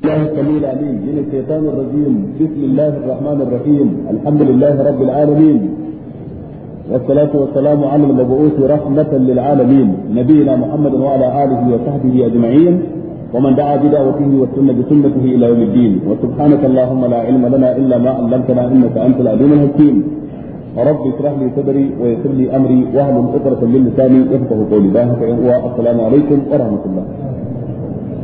الله السميع العليم من الشيطان الرجيم بسم الله الرحمن الرحيم الحمد لله رب العالمين والصلاة والسلام على المبعوث رحمة للعالمين نبينا محمد وعلى آله وصحبه أجمعين ومن دعا بدعوته والسنة بسنته إلى يوم الدين وسبحانك اللهم لا علم لنا إلا ما علمتنا إنك أنت العليم الحكيم رب اشرح لي صدري ويسر لي أمري واهل عقدة من لساني يفقه قولي ذلك والسلام عليكم ورحمة الله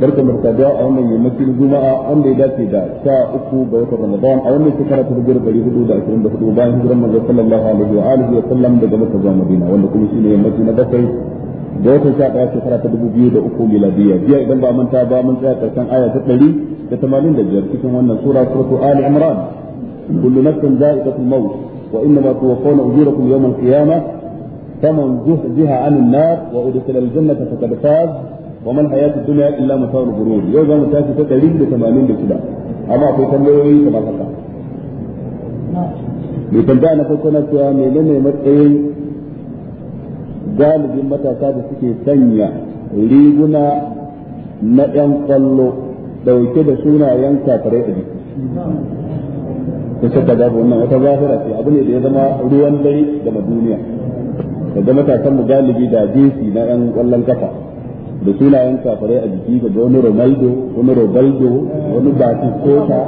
barka mu saduwa a wannan yammacin na juma'a da ya dace da sha uku ga watan ramadan a wannan shekara ta dubu ɗari hudu da ashirin da hudu bayan hijiran manzon sallallahu alaihi wa alihi wa sallam daga makka zuwa madina wanda kuma shine yammacin na bakwai da watan sha ɗaya shekara ta dubu biyu da uku miladiyya biya idan ba manta ba mun tsaya karshen aya ta ɗari da tamanin da biyar cikin wannan sura suratu ali imran kullu nafsin za'iqatul maut wa innama tuwaffawna ujurakum yawmal qiyamah فمن زهزها عن النار وأدخل الجنة فقد فاز wa man hayatu dunya illa mata'ul ghurur yau za mu tafi ta 186 amma akwai tambayoyi kamar haka mai da na farko na cewa menene matsayin galibin matasa da suke sanya riguna na yan kwallo dauke da sunayen kafirai a jiki ta shakka wannan wata zahira ce abu ne da ya zama ruwan dai da duniya da matasa mu galibi da jinsi na yan kwallon kafa da sunayen kafirai a jiki ga wani Ronaldo wani Robaldo wani Batistota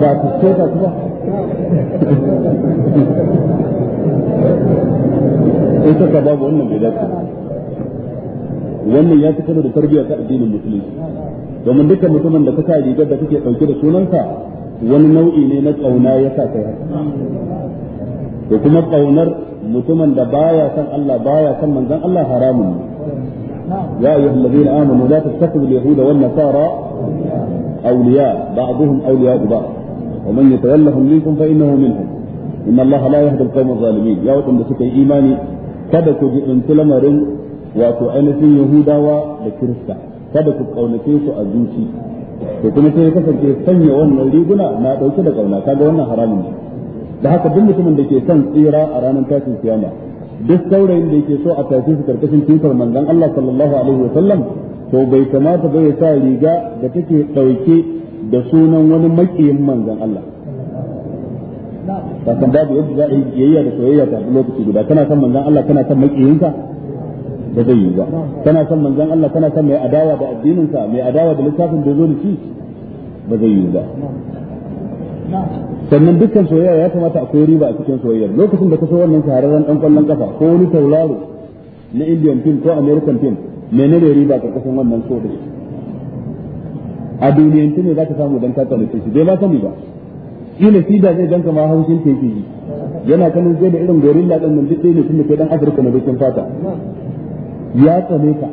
Batistota kuma ta ka babu wannan bai dace wannan ya fi kama da tarbiyya ta addinin musulunci domin dukkan mutumin da ka sa rigar da kake dauke da sunansa wani nau'i ne na kauna ya sa kai haka da kuma kaunar mutumin da baya san Allah baya san manzon Allah haramun ne ya ayyuhal ladina amanu la tattakhidhu al-yahuda wan nasara awliya ba'dhum awliya ba wa man yatawallahum minkum fa innahu minhum inna Allah la yahdi al adh-dhalimin ya wadanda suka yi imani kada ku ji in lamarin wato ainihin yahudawa da kirista kada ku kaunace su a zuci to kuma sai ya kasance sanya wannan riguna na dauke da kauna kaga wannan haramun ne da haka duk mutumin da ke son tsira a ranar tashin kiyama duk saurayin da yake so a tashi su karkashin tutar manzon Allah sallallahu alaihi wa sallam to bai kamata ba ya sa riga da take dauke da sunan wani makiyin manzon Allah ba san babu yadda za a yi biyayya da soyayya ta lokaci guda kana son manzon Allah kana son makiyinka ba zai yi ba kana son manzon Allah kana son mai adawa da addininsa mai adawa da littafin da zo da shi ba zai yi ba sannan dukkan soyayya ya kamata akwai riba a cikin soyayyar lokacin da ka so wannan shahararren dan kwallon kafa ko wani tauraro na indian pin ko american film menene riba karkashin wannan so da a duniyance ne za ka samu dan ka da shi bai ba sani ba ina shi da zai danka ma haushin teki yi yana kanin zai da irin gorilla din nan duk ne tun da kai afirka na dukkan fata ya tsane ka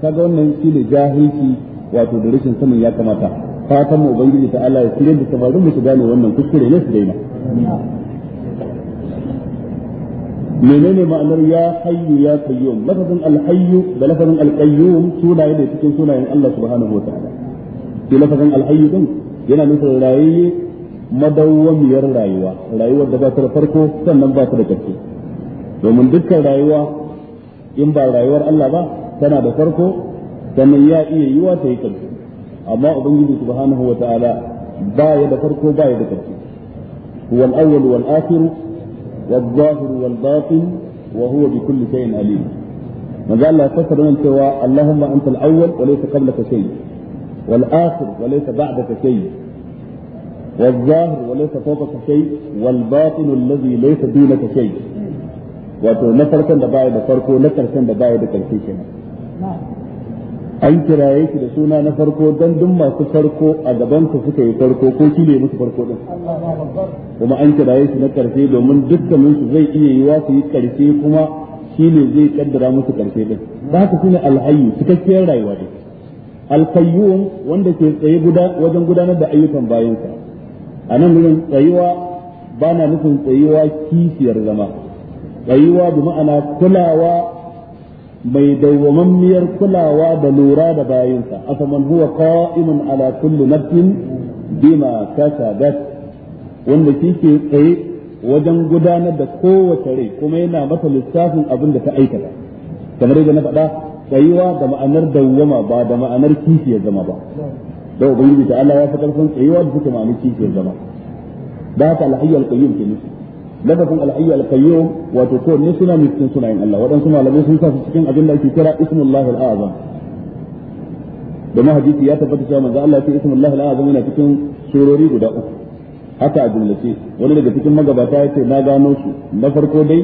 ta ga wannan shi ne jahilci wato da rashin sanin ya kamata fatan mu ubangiji ta Allah ya kire da samarin mu su gane wannan kuskure ne su daina menene ma'anar ya hayyu ya qayyum lafazin al-hayyu da lafazin al sunaye ne cikin sunayen Allah subhanahu wataala shi lafazin al din yana nufin rayi madawwamiyar rayuwa rayuwar da ba ta da farko sannan ba ta da ƙarshe domin dukkan rayuwa in ba rayuwar Allah ba tana da farko sannan ya iya yiwa ta yi ƙarshe amma ubangiji subhanahu wa ta'ala ba ya da farko ba ya da ƙarshe huwa al-awwal wal akhir wal zahir wal batin wa huwa bi kulli shay'in alim maza Allah ya fassara nan cewa Allahumma anta al-awwal wa laysa qablaka shay wal akhir wa laysa ba'daka shay والظاهر وليس فوقك شيء والباطن الذي ليس دونك شيء wato na farkon da baya da farko na karshen da baya da karshe kenan an kiraye shi da suna na farko don duk masu farko a gabansa suka yi farko ko shi ne musu farko din kuma an kiraye shi na karshe domin dukkanin su zai iya yiwa su yi karshe kuma shi ne zai kaddara musu karshe din ba haka shine alhayyu cikakken rayuwa ne alqayyum wanda ke tsaye guda wajen gudanar da ayyukan bayansa a nan gurin tsayuwa ba na nufin tsayuwa kishiyar zama tsayuwa bi ma'ana kulawa mai dawwamammiyar kulawa da lura da bayinsa afaman huwa qa'imun ala kulli nafsin bima kasabat wanda shi tsaye wajen gudanar da kowace rai kuma yana mata lissafin abin da ta aikata kamar yadda na faɗa tsayuwa da ma'anar dawwama ba da ma'anar kishiyar zama ba da ubangiji ta Allah ya fi karfin tsayuwa da suke ma'anar kishiyar zama da haka alhayyar qayyum ke nufi lafazin al-hayy al-qayyum wato ko ne su ne cikin sunayen Allah waɗansu malamai sun sa su cikin abin da ake kira ismullahi al hadisi ya tabbata cewa manzo Allah ya ce yana cikin surori guda uku haka a jumlace wani daga cikin magabata ya ce na gano su na farko dai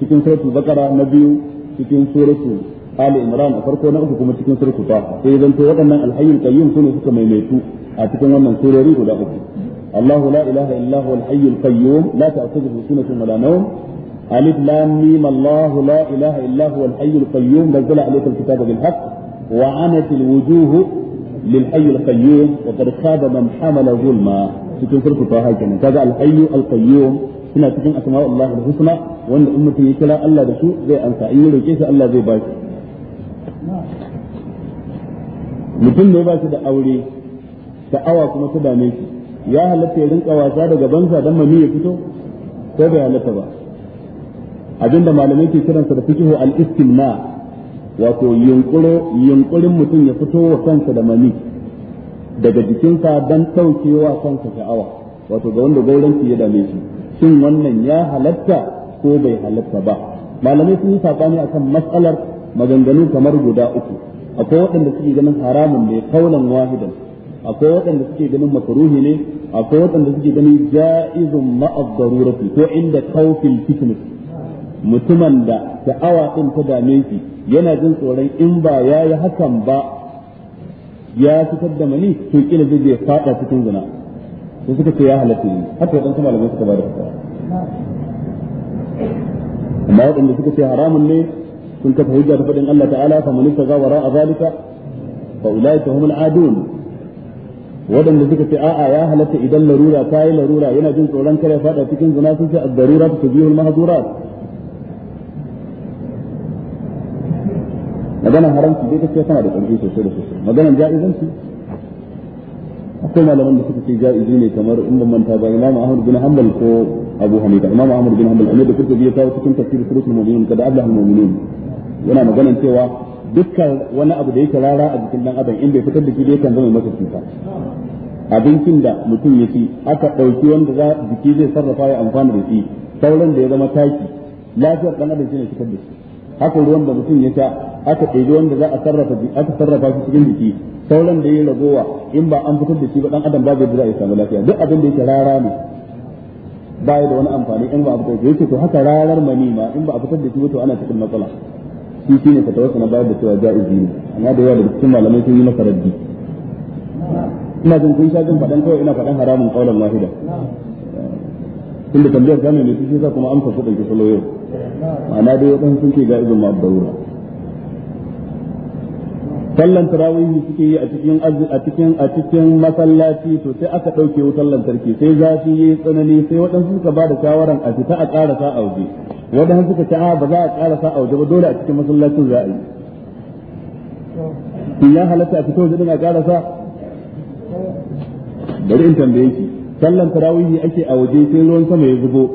cikin suratul bakara na biyu cikin suratul ali imran a farko na uku kuma cikin suratul ta sai zan to waɗannan alhayyul qayyum sune suka maimaitu a cikin wannan surori guda uku الله لا إله إلا هو الحي القيوم لا تأخذه سنة ولا نوم ألف لام ميم الله لا إله إلا هو الحي القيوم نزل عليك الكتاب بالحق وعنت الوجوه للحي القيوم وقد خاب من حمل ظلما da husna wanda in mutum ya kira Allah da su zai amsa in ya Allah zai ba mutum ne ba da aure sha'awa kuma ta dame shi ya halatta ya rinka wasa daga banza dan mami ya fito ko bai halatta ba abinda malamai ke kiransa da fikihu al-istimna wato yunkuro yunkurin mutum ya fito wa kansa da mami daga jikinsa dan daukewa kansa sha'awa wato ga wanda gauranci ya dame shi shin wannan ya halatta ko bai halatta ba malamai sun yi sabani akan matsalar maganganu kamar guda uku akwai waɗanda suke ganin haramun ne kaulan wahidan akwai waɗanda suke ganin makaruhi ne akwai waɗanda suke ganin ja'izun ma'az ko inda kaufin fitness mutumin da sha'awa ɗin ta dame shi yana jin tsoron in ba ya yi hakan ba ya fitar da mani to kila zai je fada cikin zina sai suka ce ya halatta ne haka waɗansu malamai suka ba da fatawa amma waɗanda suka ce haramun ne sun kafa hujja ta faɗin Allah ta'ala fa man a zalika fa ulaika humul adun waɗanda suka ce a'a ya halatta idan larura ta yi larura yana jin tsoron kare fada cikin zina sun ce ad-darura tubihul mahdurat maganar haramci dai kace tana da ƙarfi sosai da sosai maganar ja'izanci akwai malaman da suka ce ja'izi ne kamar in ban manta ba Imam Ahmad bin Hanbal ko Abu Hanifa Imam Ahmad bin Hanbal ne da kurkubi ya kawo cikin tafsir suratul mu'minun kada abla al-mu'minun yana maganan cewa dukkan wani abu da yake rara a jikin dan adam in bai fitar da shi kan zama masa cuta abincin da mutum ya ci aka ɗauki wanda za jiki zai sarrafa ya amfana da shi sauran da ya zama taki lafiyar dan adam shine fitar da shi haka ruwan da mutum ya sha aka ɗebi wanda za a sarrafa shi, aka sarrafa shi cikin jiki sauran da ya ragowa in ba an fitar da shi ba dan adam babu yadda za a samu lafiya duk abin da yake rara ne ba da wani amfani in ba a fitar da shi to haka rarar manima in ba a fitar da shi to ana cikin matsala shi shine fatawarsa na bayar da cewa ja'izi ne amma da yawa da cikin malamai sun yi masa raddi ina jin kun sha jin faɗan kawai ina faɗan haramun ƙaunar wahida tun da tambayar gane ne shi sa kuma an fasu ɗauki salo yau ma'ana dai waɗansu sun ce ja'izin ma'abdaura sallan tarawihi suke yi a cikin a cikin a cikin masallaci to sai aka ɗauke wutar lantarki sai zafi yi tsanani sai waɗansu suka ba da shawaran a fita a ƙarasa a waje wadannan suka ce a ah, ba za a karasa a waje ba dole a cikin masallacin za a yi in ya halatta a fito waje a karasa bari in tambaye shi sallan tarawihi ake a waje sai ruwan sama ya zubo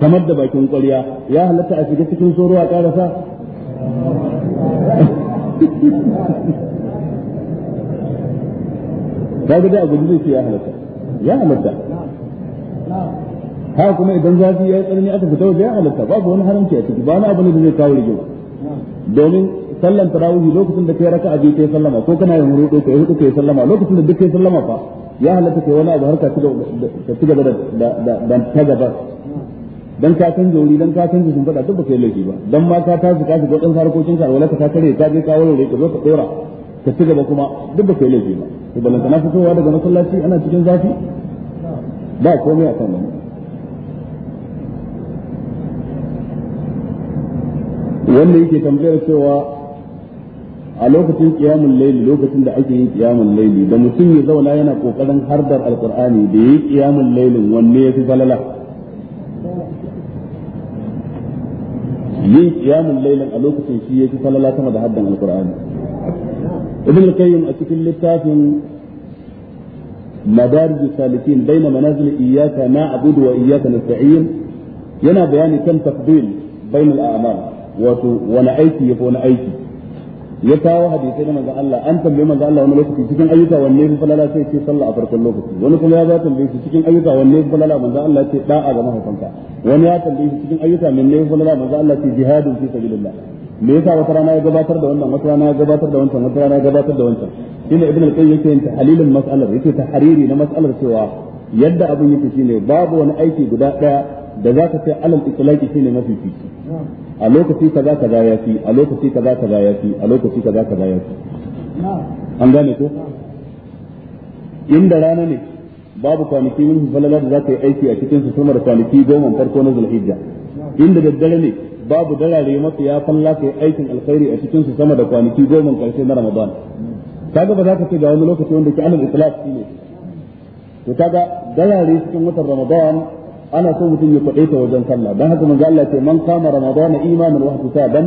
kamar da bakin kwarya ya halatta a shiga cikin soro a karasa ga da abu zai ce ya halatta ya halatta haka kuma idan zafi ya yi tsanani aka fita waje ya halatta babu wani haramci a ciki ba na abu ne da zai kawo rigima domin sallan tarawih lokacin da kai raka abi kai sallama ko kana yin rudo kai hudu kai sallama lokacin da duk kai sallama fa ya halatta kai wani abu har ka ci gaba da da ta gaba dan ka san wuri dan ka san jisun fada duk ba kai laifi ba dan ma ka tasu ka shiga dan harkokin ka wala ka ta kare ka je ka wurare ka zo ka dora ka ci gaba kuma duk ba kai laifi ba to balantana fitowa daga masallaci ana cikin zafi ba komai a kan nan wanda yake tambayar cewa a lokacin kiyamun laili lokacin da ake yin kiyamun laili da mutum ya zauna yana kokarin hardar alkur'ani da yi kiyamun lailin wanne ya fi falala yin kiyamun lailin a lokacin shi ya fi falala sama da haddan alkur'ani ibn qayyim a cikin littafin madarij salikin baina manazil iyyaka na'budu wa iyyaka nasta'in yana bayani kan tafdil bainal a'mal wato wani aiki ya wani aiki ya kawo hadisai na manzon Allah an tambaye manzon Allah wani lokaci cikin ayyuka wanne ya falala sai ce sallah a farkon lokaci wani kuma ya za tambaye shi cikin ayyuka wanne ya falala manzon Allah ce da'a ga mahaifanka wani ya tambaye shi cikin ayyuka menne ya falala manzon Allah ce jihadun fi sabilillah me yasa wata rana ya gabatar da wannan wata rana ya gabatar da wancan wata rana ya gabatar da wancan shine ibn al-qayyim yake yin tahlilin mas'alar yake tahriri na mas'alar cewa yadda abin yake shine babu wani aiki guda daya da zaka ce alal itlaqi shine mafifici a lokaci ka kaza ya fi a lokaci ka kaza ya fi a lokaci ka kaza ya fi an gane ko inda rana ne babu kwanaki min falala da za yi aiki a cikin su sama da kwanaki goma farko na zulhijja inda daddare ne babu dalare mafi ya falla ka yi aikin alkhairi a cikin su sama da kwanaki goma karshe na ramadan kaga ba za ka ce ga wani lokaci wanda ke alal itlaq ne to kaga dalare cikin watan ramadan ana so mutum ya kwaɗe ta wajen sallah dan haka manzo Allah ce man kama ramadana imanan wa hisaban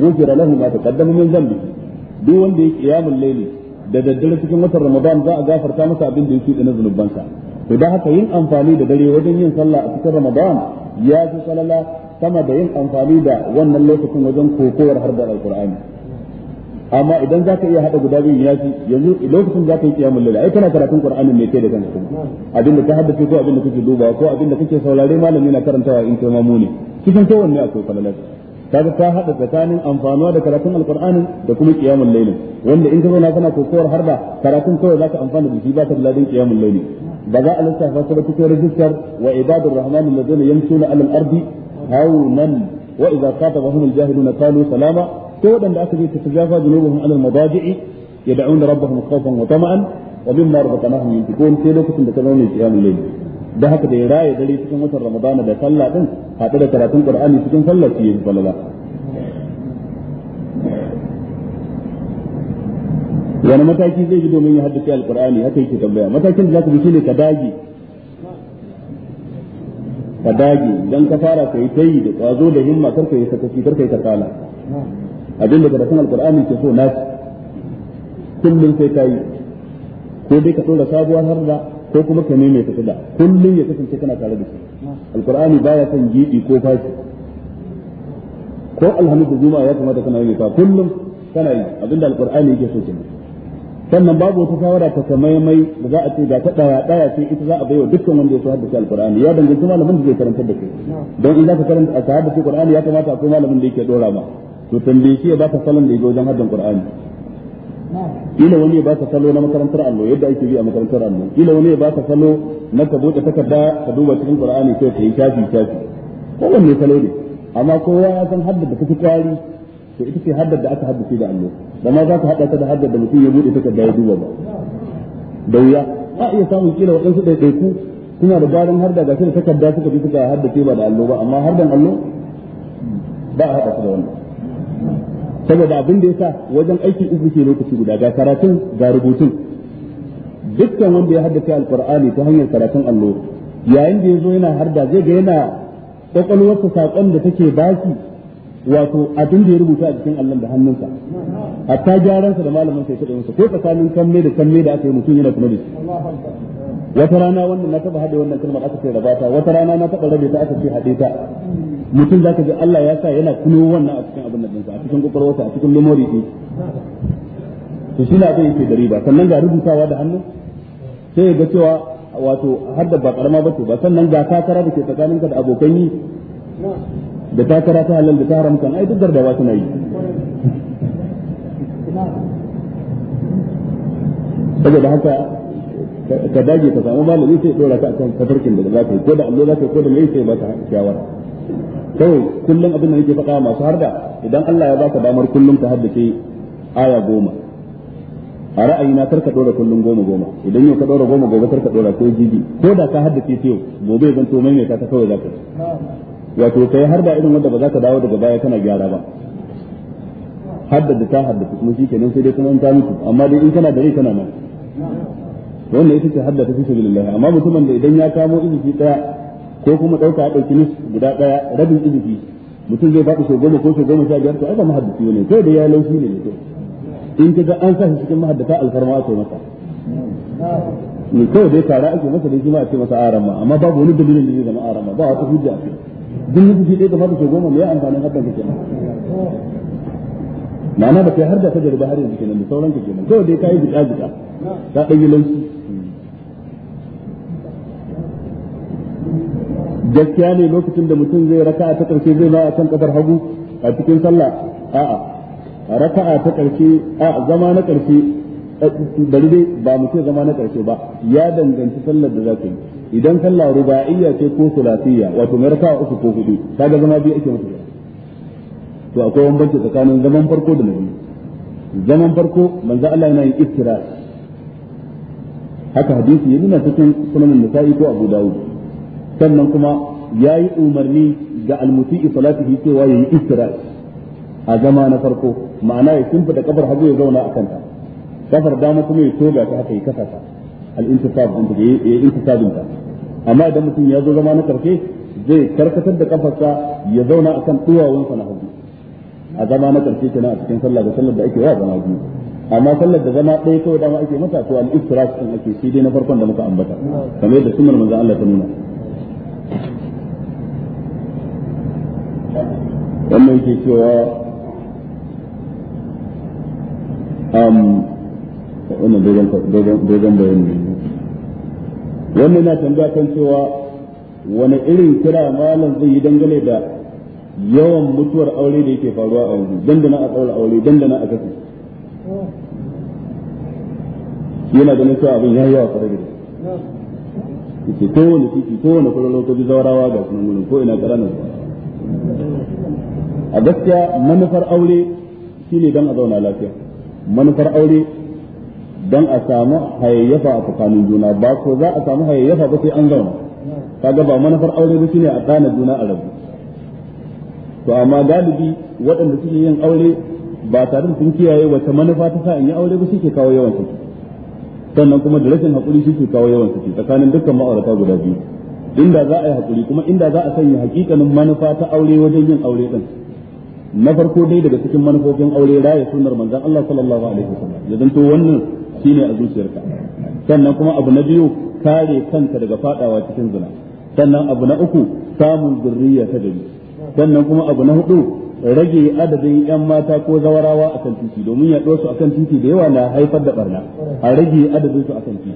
wujira lahu ma taqaddama min dhanbi duk wanda ya qiyamul layli da daddare cikin watan ramadan za a gafarta masa abin da yake da na zunubansa to dan haka yin amfani da dare wajen yin sallah a cikin ramadan ya fi salala sama da yin amfani da wannan lokacin wajen kokowar harbar alqur'ani amma idan zaka iya hada guda biyu ya fi yanzu lokacin zaka yi kiyamul lail ai kana karatun qur'anin ne kai da kanka abin da ka haddace ko abin da kake dubawa ko abin da kake saurare malami na karantawa in kai mamuni cikin kowanne akwai falalar kaga ka hada tsakanin amfanuwa da karatun alqur'anin da kuma kiyamul lail wanda in ka zauna kana kokowar harba karatun kawai zaka amfana da shi ba ta da ladin kiyamul lail ba za a lissafa su ba cikin rajistar wa ibadur rahman alladhina yamshuna alal ardi hawnan wa idza qatabahum aljahiluna qalu salama ko waɗanda aka je su jafa junubuhum alal madaji'i yad'una rabbahum khawfan wa tama'an wa mimma razaqnahum yunfiqun sai lokacin da ka zo ne qiyamul da haka da ya raye dare cikin watan ramadana da sallah din haɗe da karatun qur'ani cikin sallah ce yayi falala wani mataki zai ji domin ya haddace alqur'ani haka yake tambaya matakin da zaka bi shine ka dage ka dage idan ka fara kai tayi da kwazo da himma kar ka yi sakaci kar ka yi kasala abinda da karatun alqur'ani ke so na kullum sai yi ko dai ka tsora sabuwar da ko kuma ka neme ta tsada kullum ya kasance kana tare da shi alqur'ani baya son gidi ko fashi ko alhamdu juma'a ya kamata kana yi ta kullum kana yi abinda alkur'ani yake so kenan sannan babu wata shawara ta kamaimai da za a ce ga ta daya daya ce ita za a baiwa dukkan wanda ya so haddace alqur'ani ya danganci malamin da zai karantar da kai don in za ka karanta ka haddace qur'ani ya kamata akwai malamin da yake dora ma to tambaye shi ya ka salon da yake wajen haddan qur'ani kila wani ya ba ka salo na makarantar allo yadda ake bi a makarantar allo kila wani ya ba ka salo na ka bude takarda ka duba cikin qur'ani sai ka yi shafi shafi kowanne salo ne amma kowa ya san haddace kake kwari to ita ce haddar da aka haddace da allo da ma za ka hada ta da haddar da mutum ya bude takarda ya duba ba da wuya a iya samun kila waɗansu ku suna da garin har da gashi da takarda suka bi suka haddace ba da allo ba amma har da allo ba a haɗa su da wannan saboda abin da yasa wajen aiki uku ke lokaci guda ga karatun ga rubutun dukkan wanda ya haddace alqur'ani ta hanyar karatun allo yayin da yazo yana harda zai ga yana kwakwalwarsa saƙon da take baki wato abin da ya rubuta a cikin allon da hannunsa hatta gyaransa da malamin sai kaɗai masa ko tsakanin kanne da kanne da aka yi mutum yana kuma da shi wata rana wannan na taɓa haɗe wannan kalmar aka ce rabata wata rana na taɓa rabe ta aka ce haɗe ta mutum zaka ji Allah ya sa yana kuno wannan a cikin abin da ɗinsa a cikin kokarwarsa a cikin memory ɗin to shi na yi yake da riba sannan ga rubutawa da hannu sai ya ga cewa wato har da ba karama ba ce ba sannan ga tara da ke tsakaninka da abokan yi da ta kara ta halal da ta haramta kan ai duk gardawa suna yi saboda haka ka dage ka samu malami sai dora ka akan kafarkin da za ka yi ko da Allah za ka yi ko da mai sai maka shawara kawai kullum abin da nake faɗa masu harda idan Allah ya baka damar kullum ka haddace aya goma a ra'ayina na ka dora kullum goma goma idan yau ka dora goma gobe karka dora ko jibi ko da ka haddace yau gobe zan to mai ta kawai za ka yi wato kai har da irin wanda ba za ka dawo daga baya kana gyara ba haddada ta haddata kuma shi kenan sai dai kuma in ta mutu amma dai in kana da rai kana nan wannan ita ce haddata fi sabilillah amma mutumin da idan ya kamo izifi daya ko kuma dauka a dauki nis guda daya rabin izifi mutum zai faɗi so goma ko so goma sha biyar to ai ba mahaddisi ne kai da ya laushi ne to in ka ga an sa shi cikin mahaddata alfarma aka masa ni kawai dai tara ake masa dai shi ma a ce masa arama amma babu wani dalilin da zai zama arama ba wata hujja a kai duk lokaci ɗaya kamata sau goma mai amfanin haddan ka kenan ma'ana ba kai har da ta jarba har yanzu kenan da sauran ka kenan kawai dai ka yi jika jika ka ɗan yi laushi gaskiya ne lokacin da mutum zai raka'a ta ƙarshe zai ba a kan ƙafar hagu a cikin sallah a'a raka'a ta ƙarshe a zama na ƙarshe eh, bari dai ba mu ce zama na ƙarshe ba ya danganci sallar da za ka yi idan sallah ruba'iyya ce ko sulasiyya wato mai raka'a uku ko hudu kaga zama biyu ake musu to akwai bambanci tsakanin zaman farko da na zaman farko manzo Allah yana yin iftira haka hadisi ya nuna cikin sunan nisa'i ko abu dawud sannan kuma yayi umarni ga almuti'i salatihi cewa yayi iftira a zama na farko ma'ana ya shimfida kafar hagu ya zauna a kanta kafar dama kuma ya toga ta haka ya kasata al-intisab din da yayi intisabin ta amma idan mutum ya zo zama na karshe zai karkatar da kafarsa ya zauna akan sa na hudu a zama na karshe kenan a cikin sallah da sallar da ake wa zama biyu amma sallar da zama ɗaya kawai dama ake mata to al-iftiras din ake shi dai na farkon da muka ambata kamar yadda sunnar manzon Allah ta nuna wannan yake cewa um wannan dogon bayani ne wannan na tambaya kan cewa wani irin kira malam zai yi dangane da yawan mutuwar aure da yake faruwa a yanzu dandana a tsawar aure dandana a kasu yana ganin cewa abin ya yi yawa kwarai da ke wani kowane titi wani kwarar lokaci zaurawa ga kuma wurin ko ina kara ƙaranar a gaskiya manufar aure shine don a zauna lafiya manufar aure dan a samu hayayyafa a tsakanin juna ba ko za a samu hayayyafa ba sai an zauna kaga ba manufar aure ba shine a tsana juna a rabu to amma galibi waɗanda suke yin aure ba tare da sun kiyaye wata manufa ta sa in yi aure ba suke kawo yawan su sannan kuma da rashin hakuri shi ke kawo yawan su tsakanin dukkan ma'aurata guda biyu inda za a yi hakuri kuma inda za a sanya hakikanin manufa ta aure wajen yin aure din na farko dai daga cikin manufofin aure raya sunar manzon Allah sallallahu alaihi wasallam ya zanto wannan shine a zuciyarka sannan kuma abu na biyu kare kanta daga fadawa cikin zina sannan abu na uku samun zurriya ta gari sannan kuma abu na hudu rage adadin yan mata ko zawarawa a kan titi domin ya a akan titi da yawa na haifar da ɓarna a rage adadin su akan titi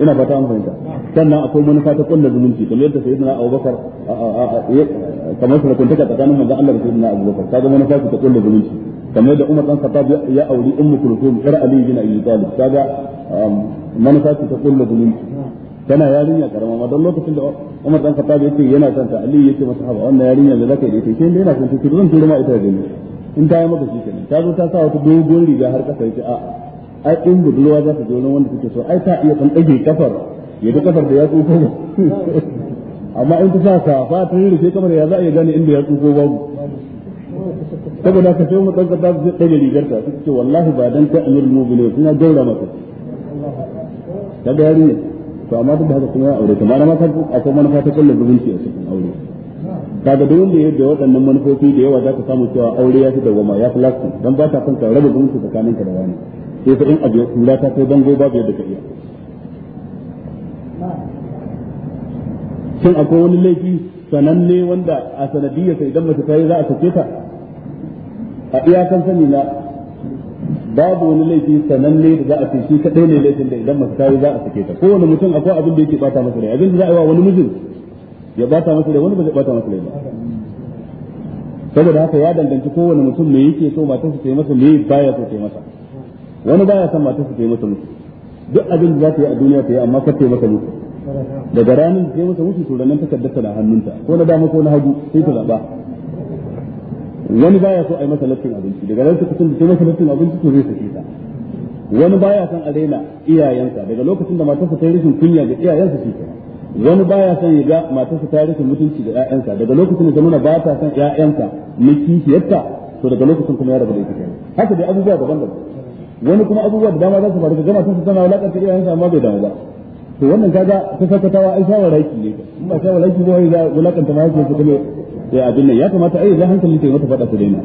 ina fata an fahimta sannan akwai manufa ta kullu zumunci kamar yadda na Abubakar kamar su kunta ka tsakanin manzon Allah da sayyidina Abubakar kaga manufa ta kullu zumunci kamar da Umar dan Khattab ya auri Ummu Kulthum har Ali bin Abi Talib kaga um, manufa ta kullu zumunci tana yarinya karama ma don lokacin da Umar dan Khattab yace yana son ta Ali yace masa haba wannan yarinya da zaka yi dai yana son ta zan tura ma ita da ni in ta yi maka shi kenan ta zo ta sa wata dogon riga har kasa yace a'a ai in budurwa za ta je wanda take so ai ta iya kan dage kafar ya da kafar da ya tsuko amma in ta sa fa ta yi rike kamar ya za a iya gane inda ya tsuko babu saboda ka sai mu dan kada zai dage rigar ta su ce wallahi ba dan ta amir mu'mini suna gaura maka ta gari to amma duk da haka kuma ya aure kamar ma ta akwai manufa ta kullu zumunci a cikin aure kaga duk wanda yadda waɗannan manufofi da yawa za ka samu cewa aure ya fi dawama ya fi lasting don ba ta son ka raba zumunci tsakanin ka da wani sai fa in abu kula ta ko dango babu yadda ka iya shin akwai wani laifi sananne wanda a sanadiyarsa idan mace ta yi za a sake ta a iyakan sani na babu wani laifi sananne da za a ce shi kadai ne laifin da idan mace ta yi za a sake ta kowane mutum akwai abin da yake bata masa rai abin da za a yi wa wani mijin ya bata masa rai wani ba zai bata masa rai ba saboda haka ya danganci kowane mutum me yake so matarsa ta yi masa me baya so ta yi masa wani baya son matarsa ta yi masa mutu duk abin da za ta yi a duniya ta yi amma kar ta yi masa mutu daga ranar da ta yi masa mutu to ranar takardarta na hannunta ko na dama ko na hagu sai ta zaba wani baya so a yi masa lattin abinci daga lokacin da ta yi masa lattin abinci to zai sake ta wani baya son a daina iyayensa daga lokacin da matarsa ta yi rashin kunya ga iyayensa shi kenan wani baya son ya ga matarsa ta rike mutunci da ƴaƴansa daga lokacin da nuna ba ta son ƴaƴansa na kishiyarta to daga lokacin kuma ya rabu da ita haka dai abubuwa daban-daban wani kuma abubuwa da dama za su faru ga matarsa tana wulakanta iyayensa amma bai damu ba to wannan kaga ta sakatawa ai shawaraki ne in ba shawaraki ba za wulakanta mahaifiyarsa kuma ya abin nan ya kamata ai za hankali ta yi mata faɗa su daina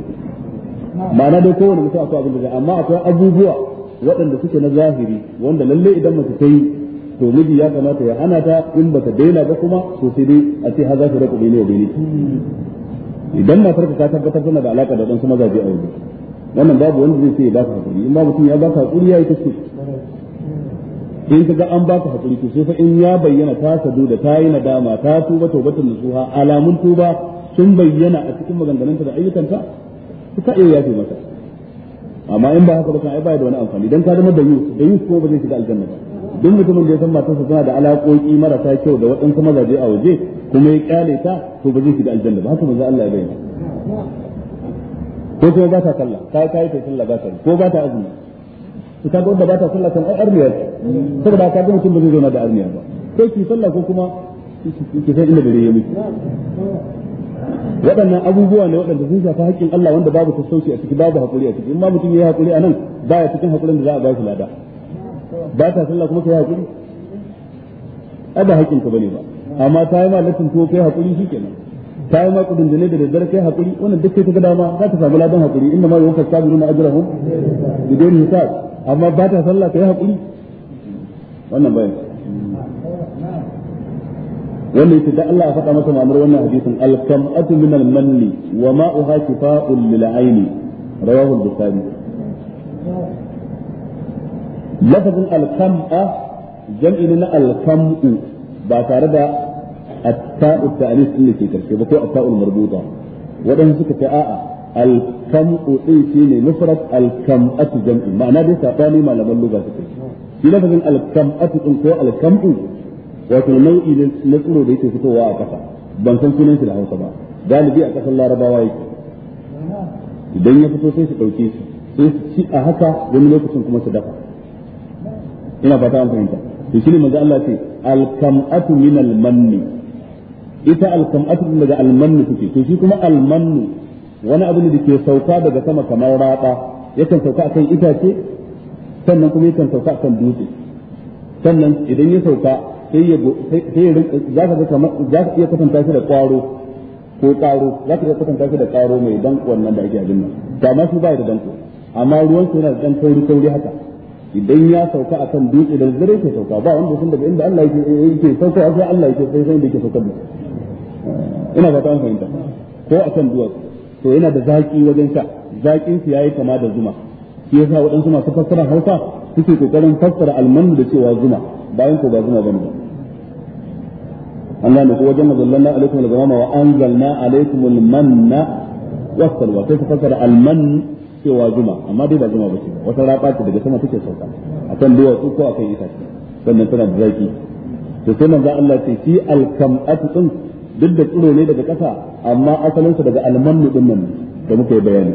ma'ana dai kowane mutum akwai abin da amma akwai abubuwa waɗanda suke na zahiri wanda lalle idan mace ta yi to miji ya kamata ya hana ta in bata daina ba kuma to sai dai a ce haza su raka bene bene idan matar ka tabbatar tana da alaka da dan su mazaje a yanzu wannan babu wanda zai ce ya baka hakuri in ba mutum ya baka hakuri ya yi ta in ka ga an baka hakuri to sai fa in ya bayyana ta sadu da ta yi nadama ta tuba taubatun nasuha alamun tuba sun bayyana a cikin maganganunta da ayyukanta ka iya yafe mata amma in ba haka ba kan ai ba da wani amfani dan ka zama da yus da yusuf ko ba zai shiga aljanna ba duk mutumin da ya san matarsa tana da alaƙoƙi marasa kyau da waɗansu mazaje a waje kuma ya kyale ta to ba zai shiga aljanna ba haka manzo Allah ya bayyana ko kuma ba ta sallah ta kai ta sallah ba ta ko ba ta azumi to kaga wanda ba ta sallah kan ai arniya saboda ka ga mutum ba zai zauna da arniya ba sai ki sallah ko kuma ki san inda bare ya miki waɗannan abubuwa ne waɗanda sun shafi haƙƙin Allah wanda babu sassauci a ciki babu haƙuri a ciki in ma mutum ya yi haƙuri a nan ba ya cikin haƙurin da za a ba shi lada ba ta sallah kuma kai hakuri a ba hakkin ka bane ba amma ta yi ma latin to kai hakuri shikenan ta yi ma kudin jane da daddare kai hakuri wannan duk kai ta dama za ta samu ladan hakuri inda ma yawka sabiru na ajrahum bidon hisab amma ba ta sallah kai hakuri wannan bayan wannan yake da Allah ya faɗa masa ma'amar wannan hadisin al-kam'atu min al-manni wa ma'uha shifa'un lil-'aini rawahu al-bukhari lafazin alkam'a jam'i na alkam'u ba tare da atta'u ta'anis din ke karshe ba ko atta'ul marbuta wadanda suka ta a'a alkam'u din shine mufrad alkam'atu jam'i ma'ana dai sabani malaman lugha suke shi lafazin alkam'atu din ko alkam'u wato nau'i na tsiro da yake fitowa a kasa ban san sunan shi da Hausa ba galibi a kasar Larabawa yake idan ya fito sai su dauke shi sai su ci a haka wani lokacin kuma su dafa ina fata an fahimta to shine manzo Allah ce al-kam'atu min al-manni ita al-kam'atu daga al-manni kuke to shi kuma al-manni wani abu ne da ke sauka daga sama kamar raba yakan sauka akan itace sannan kuma yakan sauka akan dutse sannan idan ya sauka sai ya sai za ka ga kamar za ka iya kasanta shi da kwaro ko karo za ka iya kasanta shi da karo mai danko wannan da ake abin nan da ma shi ba da danko amma ruwan sa yana da dan kauri kauri haka idan ya sauka akan dutse da zare ke sauka ba wanda sun daga inda Allah yake sauka a sai Allah yake sai sai da yake sauka dutse. ina ba ta fahimta ko akan duwatsu to yana da zaki wajen sha zakin su yayi kama da zuma shi yasa waɗansu masu fassara Hausa suke kokarin fassara almanu da cewa zuma bayan ko ba zuma bane ba an gane ko wajen mazallanna alaikum al-ghamama wa anzalna alaikum al-manna wa salwa sai su fassara almanu. cewa zuma amma dai ba zuma ba bace wata raba ce daga sama take sauka akan duwatsu ko akan itace sannan tana da zaki to sai manzo Allah ce shi alkam'atu din duk da tsiro ne daga ƙasa amma asalinsa daga almannu din nan da muka yi bayani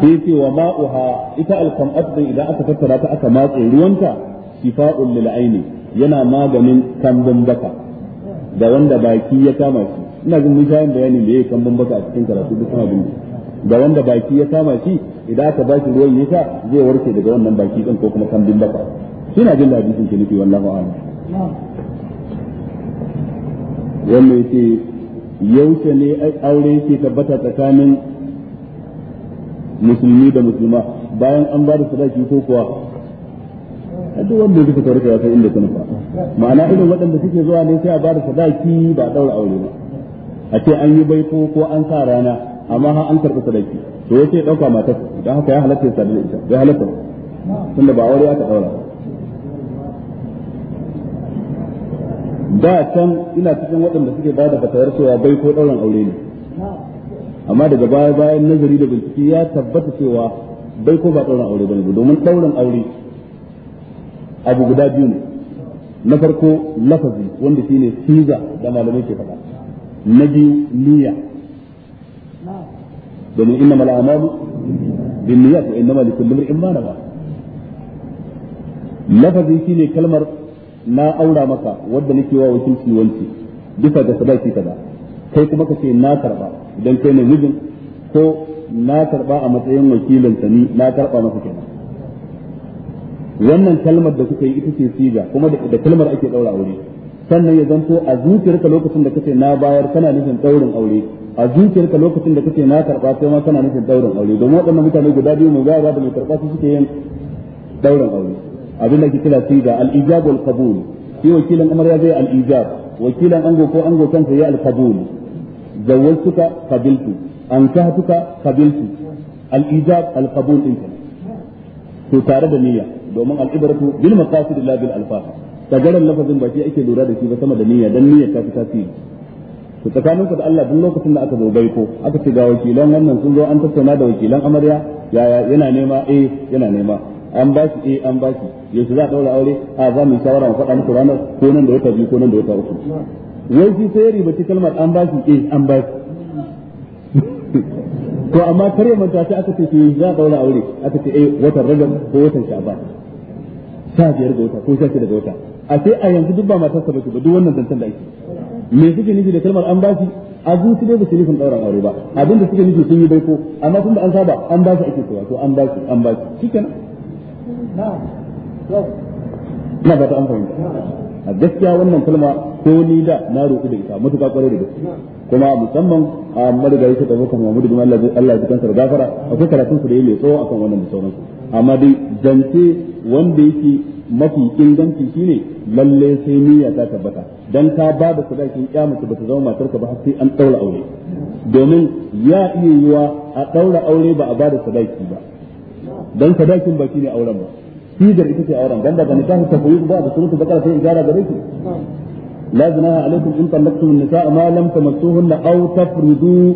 sai ce wa ma'uha ita alkam'atu din idan aka tattara ta aka matse ruwanta shifa'un lil aini yana maganin kambun baka ga wanda baki ya kama shi ina jin mun bayani da yake kambun baka a cikin karatu duk abin da wanda baki ya kama shi idan aka ba shi ruwan ya sha zai warke daga wannan baki din ko kuma kambin baka suna jin da hadisin ke nufi wallahu a'lam wannan yace yaushe ne aure yake tabbata tsakanin musulmi da musulma bayan an ba da sadaki ko kuwa a duk wanda yake fita ka sai inda ta ma'ana irin waɗanda suke zuwa ne sai a ba da sadaki ba a ɗaura aure ba a ce an yi baiko ko an sa rana amma har an karɓi sadaki to yake dauka matar don haka ya halatta ya sadu da ita ya halatta tunda ba aure aka daura da can ina cikin waɗanda suke ba da fatawar cewa bai ko dauran aure ne amma daga baya bayan nazari da bincike ya tabbata cewa bai ko ba dauran aure ba ne domin dauran aure abu guda biyu ne na farko lafazi wanda shine fiza da malamai ke faɗa na biyu niyya domin inna mal a'malu bin niyyat wa innama likulli imrin ma nawa lafazi shine kalmar na aura maka wadda nake wa wakilci wanci bisa ga sadaki kaza kai kuma kace na karba idan kai ne mijin ko na karba a matsayin wakilin ni na karba maka kenan wannan kalmar da kuka yi ita ce siga kuma da kalmar ake daura aure sannan ya zanto a zuciyarka lokacin da kace na bayar kana nufin daurin aure a zuciyarka lokacin da kace na karba sai ma kana nufin daurin aure domin waɗannan mutane guda biyu mai bayarwa da mai karba su suke yin daurin aure abin da ke kira siga al-ijab wal qabul shi wakilin amarya zai al-ijab wakilan ango ko ango kansa ya al-qabul zawwaltuka qabiltu ankahtuka qabiltu al-ijab al-qabul din to tare da niyya domin al-ibratu bil maqasid la bil tagaran lafazin ba shi ake lura da shi ba sama da niyya dan niyyar ta fi tasiri to tsakanin ku da Allah duk lokacin da aka zo baiko aka ce ga wakilan wannan sun zo an tattauna da wakilan amarya yaya yana nema eh yana nema an ba shi eh an ba shi yanzu za a daura aure a za mu shawara mu faɗa muku ranar ko nan da wata biyu ko nan da wata uku wai shi sai ya ribaci kalmar an ba shi eh an ba shi to amma kar ya manta sai aka ce ki eh, za a daura aure aka ce eh watan rajab ko watan sha'ban sha biyar ga wata ko sha shida ga wata a sai a yanzu duk ba matarsa bace ba duk wannan zancen da ake me suke nufi da kalmar an bashi a zuci dai ba su nufin ɗauran aure ba abin da suke nufi sun yi baiko amma tunda an saba an ba shi ake cewa to an ba shi an ba shi shikenan na ba ta an fahimta a gaskiya wannan kalma ko ni da na roƙi da ita matuƙa ƙwarai da gaske kuma musamman a marigayi ta tafi mu da Allah Allah ya kansa da gafara akwai karatun su da yake tsawo akan wannan da sauransu amma dai zance wanda yake mafi inganci shine lalle sai niyya ta tabbata dan ka ba da sadakin kiyamata bata zama matar ka ba har sai an daura aure domin ya iya yiwa a daura aure ba a ba da sadaki ba dan sadakin ba shine auren ba da ita ce auren dan daga nikahu ta koyi ba da surutu bakara sai igara gare ki لا جناح عليكم إن طلقتم النساء ما لم تمسوهن أو تفرضوا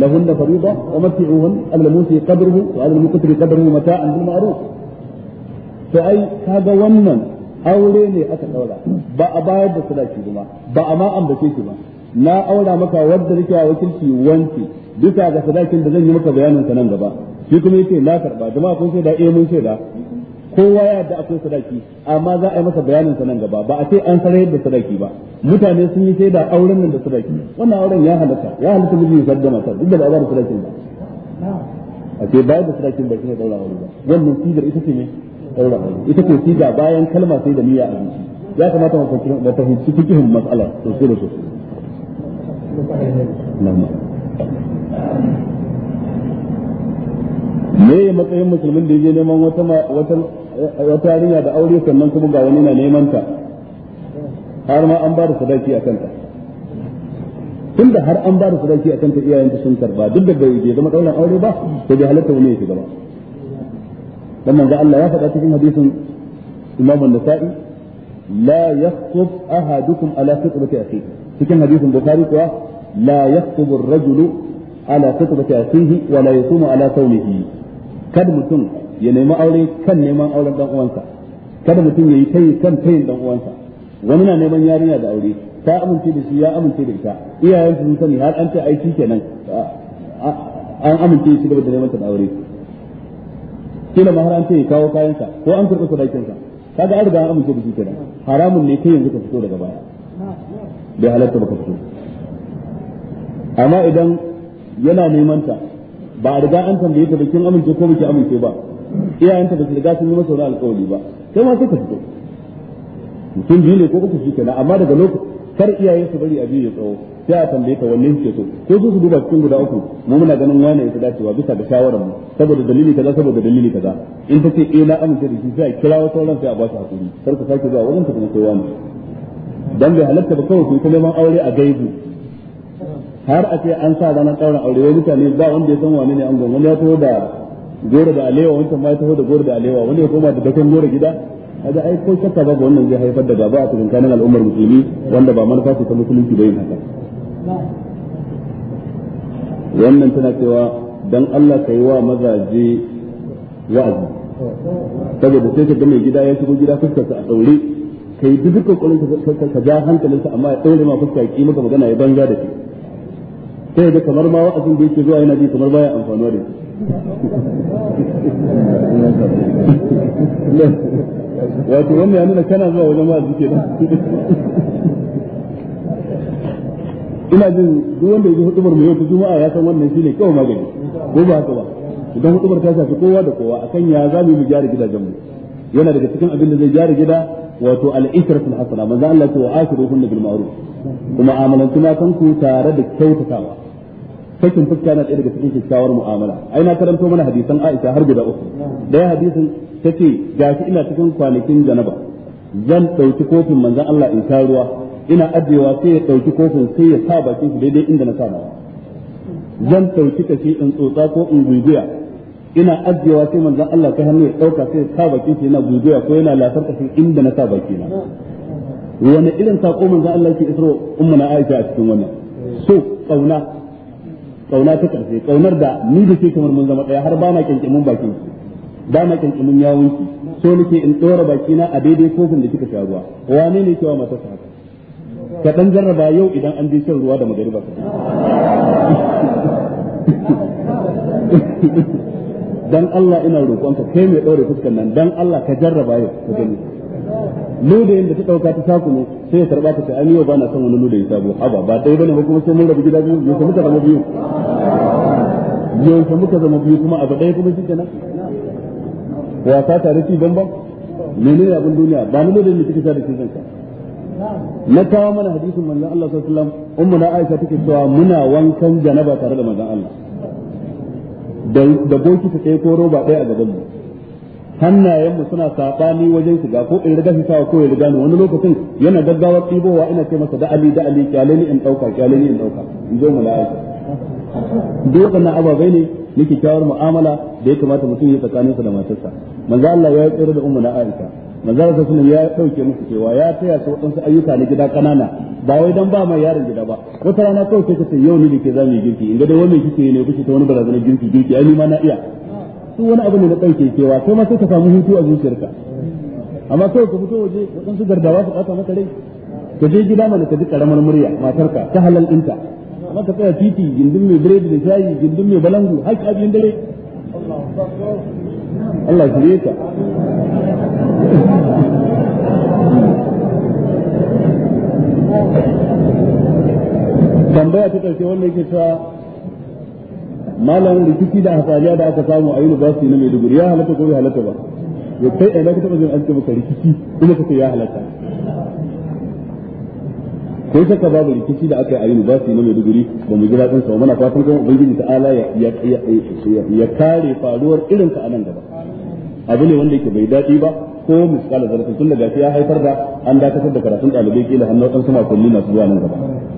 لهن فريضة ومتعوهن على الموسي قدره وعلى المقتر قدره متاعا بالمعروف فأي هذا ونن aure ne aka daura ba a bayar da sadaki ba ba a ma ambace shi ba na aura maka wadda nake a wakilci wanke bisa ga sadakin da zan yi maka bayanin sa nan gaba shi kuma yace na karba jama'a kun mun sai kowa ya da akwai sadaki amma za a yi masa bayanin sa nan gaba ba a ce an sarar da sadaki ba mutane sun yi da auren nan da sadaki wannan auren ya halatta ya halatta miji ya sadda mata duk da ba a da sadaki ba a ce bayan da sadaki ba shine daura aure ba wannan sigar ita ce ne daura aure ita ce siga bayan kalma sai da niyya a zuci ya kamata mu fahimci da fahimci cikin mas'ala sosai da su me matsayin musulmin da ya je neman wata wata yarinya da aure sannan kuma ga wani na neman ta har ma an ba da sadaki a kanta tunda har an ba da sadaki a kanta iyayen sun karba duk da bai zama daular aure ba to bai halatta wani ya shiga ba dan manzo Allah ya faɗa cikin hadisin Imam an-Nasa'i la yakhthub ahadukum ala fitrati akhihi cikin hadisin Bukhari kuwa la yakhthub ar-rajulu ala fitrati akhihi wa la yusumu ala sawmihi kad mutum ya nemi aure kan neman auren dan uwansa kada mutum ya yi tayi kan tayin dan uwansa wani na neman yarinya da aure ta amince da shi ya amince da ita iyayen su sani har an ce aiki kenan an amince shi da neman ta da aure kila ma har an ce ya kawo kayansa ko an karɓi sa kaga an riga an amince da shi kenan haramun ne kai yanzu ka fito daga baya bai halatta baka fito amma idan yana neman ta ba a riga an tambaye ta da kin amince ko baki amince ba iyayenta ba su riga sun yi masa wani alkawari ba sai ma suka fito mutum biyu ne ko uku shi kenan amma daga lokacin kar iyaye su bari a biyu ya tsawo sai a tambaye ka wanne ke so ko su su duba cikin guda uku mu muna ganin wane ya dacewa bisa ga shawarar mu saboda dalili kaza saboda dalili kaza in ta ce eh na amince da shi sai a kira wata ran sai a ba su hakuri kar ka sake zuwa wurin ta kuma kai wani dan bai halatta ba kawai ku neman aure a gaibu har a ce an sa ranar ɗaurin aure wai mutane ba wanda ya san wane ne angon wani ya taho da goro da alewa wancan ma ya taho da goro da alewa wani ya koma da dakon goro gida kaga ai ko shakka babu wannan zai haifar da gaba a tsakanin al'ummar musulmi wanda ba manufa ce ta musulunci ba yin haka wannan tana cewa dan Allah kai wa mazaje wa'azi saboda sai ka ga mai gida ya shigo gida sa a daure kai duk dukkan kullun ka ja hankalinsa amma ya daure ma fuska ki maka magana ya banza da shi sai ga kamar ma wa'azin da yake zuwa yana ji kamar baya amfanuwa da shi wato wannan ya nuna kana zuwa wajen wa'azi ke ina jin duk wanda ya ji hudubar mai yau juma'a ya san wannan shine kawai magani ko ba haka ba idan hudubar ta shafi kowa da kowa akan ya za mu gyara gidajenmu yana daga cikin abin da zai gyara gida wato al-israfil hasana manzo Allah ya ce wa ashiruhunna bil ma'ruf kuma amalantu matan ku tare da kyautatawa sakin fuska na tsaye daga cikin kyakkyawar mu'amala ai na karanto mana hadisan Aisha har guda uku daya hadisin tace shi ina cikin kwanakin janaba zan dauki kofin manzon Allah in taruwa. ruwa ina ajiyewa sai ya dauki kofin sai ya sa bakin shi daidai inda na sa nawa zan dauki kashi in tsotsa ko in guguya ina ajiyewa sai manzon Allah ta hannu ya dauka sai ya sa bakin shi yana guguya ko yana lafar kashin inda na sa bakina wani irin sako manzon Allah ke isro ummuna Aisha a cikin wannan so kauna kauna ta karfe kaunar da ni da ke kamar mun zama daya har ba na kyankyamin bakin ki ba na kyankyamin yawon ki so nake in dora bakina a daidai kofin da kika sha ruwa wane ne kewa mata haka ka dan jarraba yau idan an je shan ruwa da magari ka dan Allah ina roƙonka kai mai ɗaure fuskar nan dan Allah ka jarraba yau ka gani ludayin da ta dauka ta saku ne sai ya karba ta sai an yau bana son wani ludayi sabo haba ba dai bane kuma sai mun rabu gida biyu yau muka zama biyu yau muka zama biyu kuma abu dai kuma shikenan wasa tare ci bamban menene abin duniya ba ni ludayin da kike sa da shi kanka na kawo mana hadisin manzo Allah sallallahu alaihi wasallam ummu na Aisha take cewa muna wankan janaba tare da manzo Allah da boki ta kai ko roba ɗaya a gaban mu hannayenmu suna saɓani wajen shiga ko in riga shi sawa ko ya riga ni wani lokacin yana gaggawar tsibowa ina ce masa da ali da ali kyale in ɗauka kyale in ɗauka in zo mu la'aika duk waɗannan ababai ne na kyakkyawar mu'amala da ya kamata mutum ya tsakanin sa da matarsa manzo Allah ya tsira da ummu na Aisha manzo Allah ya dauke musu cewa ya taya su waɗansu ayyuka na gida kanana ba wai dan ba mai yaron gida ba wata rana kawai sai ce yau ni da ke zamu yi girki in ga dai wani kike ne kuke ta wani barazanar girki girki ai ni ma na iya duk wani abu ne na ɗauke kewa kai ma sai ka samu hutu a zuciyarka amma kawai ka fito waje waɗansu gardawa su ɓata maka rai ka je gida mana ka ji karamar murya matarka ta halal ɗinta amma ka tsaya titi gindin mai biredi da shayi gindin mai balangu har ka dare Allah shirye ka tambaya ta ƙarshe wanda yake cewa malamin rikici da hasaliya da aka samu a university na Maiduguri ya halatta ko bai halatta ba ya kai a ka taba an maka rikici kuma ka ya halatta ko ta ka babu rikici da aka yi a university na Maiduguri ba mu jira din sa muna fatan kuma ubangiji ta ya ya kare faruwar irin ka a nan gaba abu ne wanda yake bai daɗi ba ko misali zarafin tun daga ya haifar da an dakatar da karatun ɗalibai kila hannu ɗan sama kulli masu zuwa nan gaba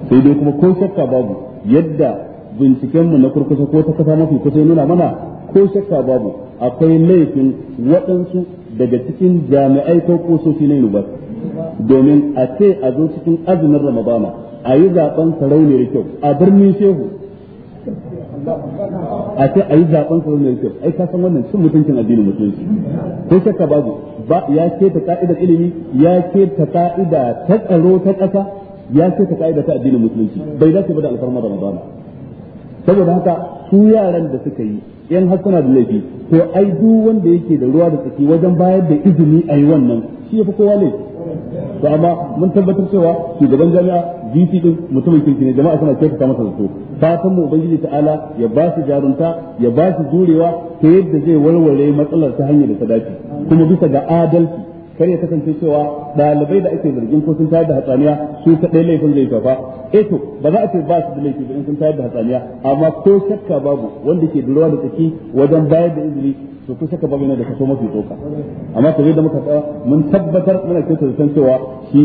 sai dai kuma ko shakka babu yadda bincikenmu na kurkusa ko ta kasa mafi kusa nuna mana ko shakka babu akwai laifin waɗansu daga cikin jami'ai ko kusoshi na university domin a ce a zo cikin azumin ramadana a yi zaben ne kyau a birnin shehu a ce a yi zaben ne kyau ai ka san wannan cin mutuncin addinin musulunci ko shakka babu ba ya ce ta ka'idar ilimi ya ce ta ka'ida ta tsaro ta ƙasa ya ce ta ka'ida ta addinin musulunci bai dace ba da alfarmar ramadana saboda haka su yaran da suka yi yan har da laifi to ai duk wanda yake da ruwa da tsaki wajen bayar da izini a yi wannan shi ya fi kowa ne to amma mun tabbatar cewa shugaban jami'a GC din mutumin kirki ne jama'a suna kyautata masa su fatan mu ubangiji ta'ala ya ba su jarunta ya ba su jurewa ta yadda zai warware matsalar ta hanyar da ta dace kuma bisa ga adalci kar ya kasance cewa dalibai da ake zargin ko sun tayar da hatsaniya su kaɗai laifin zai shafa eh to ba za a ce ba su da laifi ba in sun tayar da hatsaniya amma ko shakka babu wanda ke durowa da tsaki wajen bayar da izini to ko shakka babu yana da kaso mafi tsoka amma to da muka tsaya mun tabbatar muna kyautar san cewa shi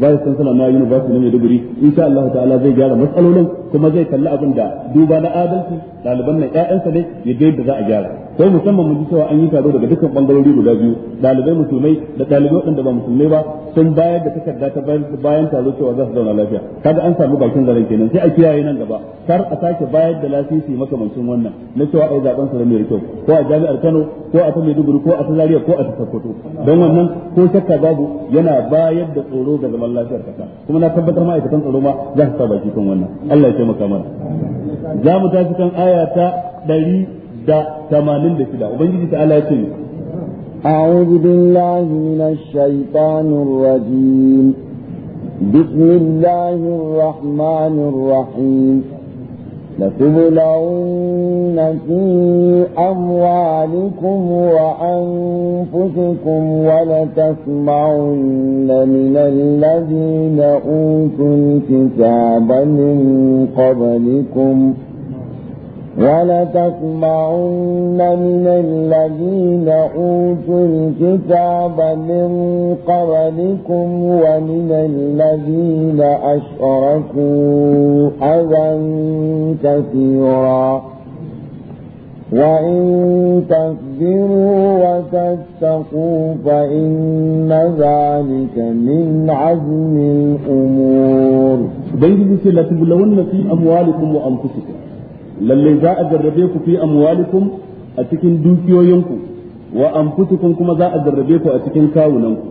vice chancellor na university na Maiduguri insha Allah ta'ala zai gyara matsalolin kuma zai kalli abin da duba na adalci ɗaliban nan ƴaƴansa ne ya ga yadda za a gyara sai musamman mun ji cewa an yi taro daga dukkan bangarori guda biyu dalibai musulmai da dalibai waɗanda ba musulmai ba sun bayar da takarda ta bayan taro cewa za su zauna lafiya kaga an samu bakin zaren kenan sai a kiyaye nan gaba kar a sake bayar da lasisi makamancin wannan na cewa ai zaben su mai kyau ko a jami'ar Kano ko a ta Maiduguri ko a ta Zaria ko a ta Sokoto don wannan ko shakka babu yana bayar da tsoro ga zaman lafiyar kasa kuma na tabbatar ma'aikatan tsaro ma za su sa baki kan wannan Allah ya taimaka mana za mu tafi kan aya ta 100 da tamanin da shida ubangiji ta ala ce أعوذ بالله من الشيطان الرجيم بسم الله الرحمن الرحيم لتبلغن في أموالكم وأنفسكم ولتسمعن من الذين أوتوا الكتاب من قبلكم ۖ ولتسمعن من الذين أوتوا الكتاب من قبلكم ومن الذين أشركوا أذى كثيرا وإن تصبروا وتتقوا فإن ذلك من عزم الأمور بين مثل لتبلون في أموالكم وأنفسكم lalle za a jarrabe ku fi amwalikum a cikin dukiyoyinku wa anfusikum kuma za a jarrabe ku a cikin kawunanku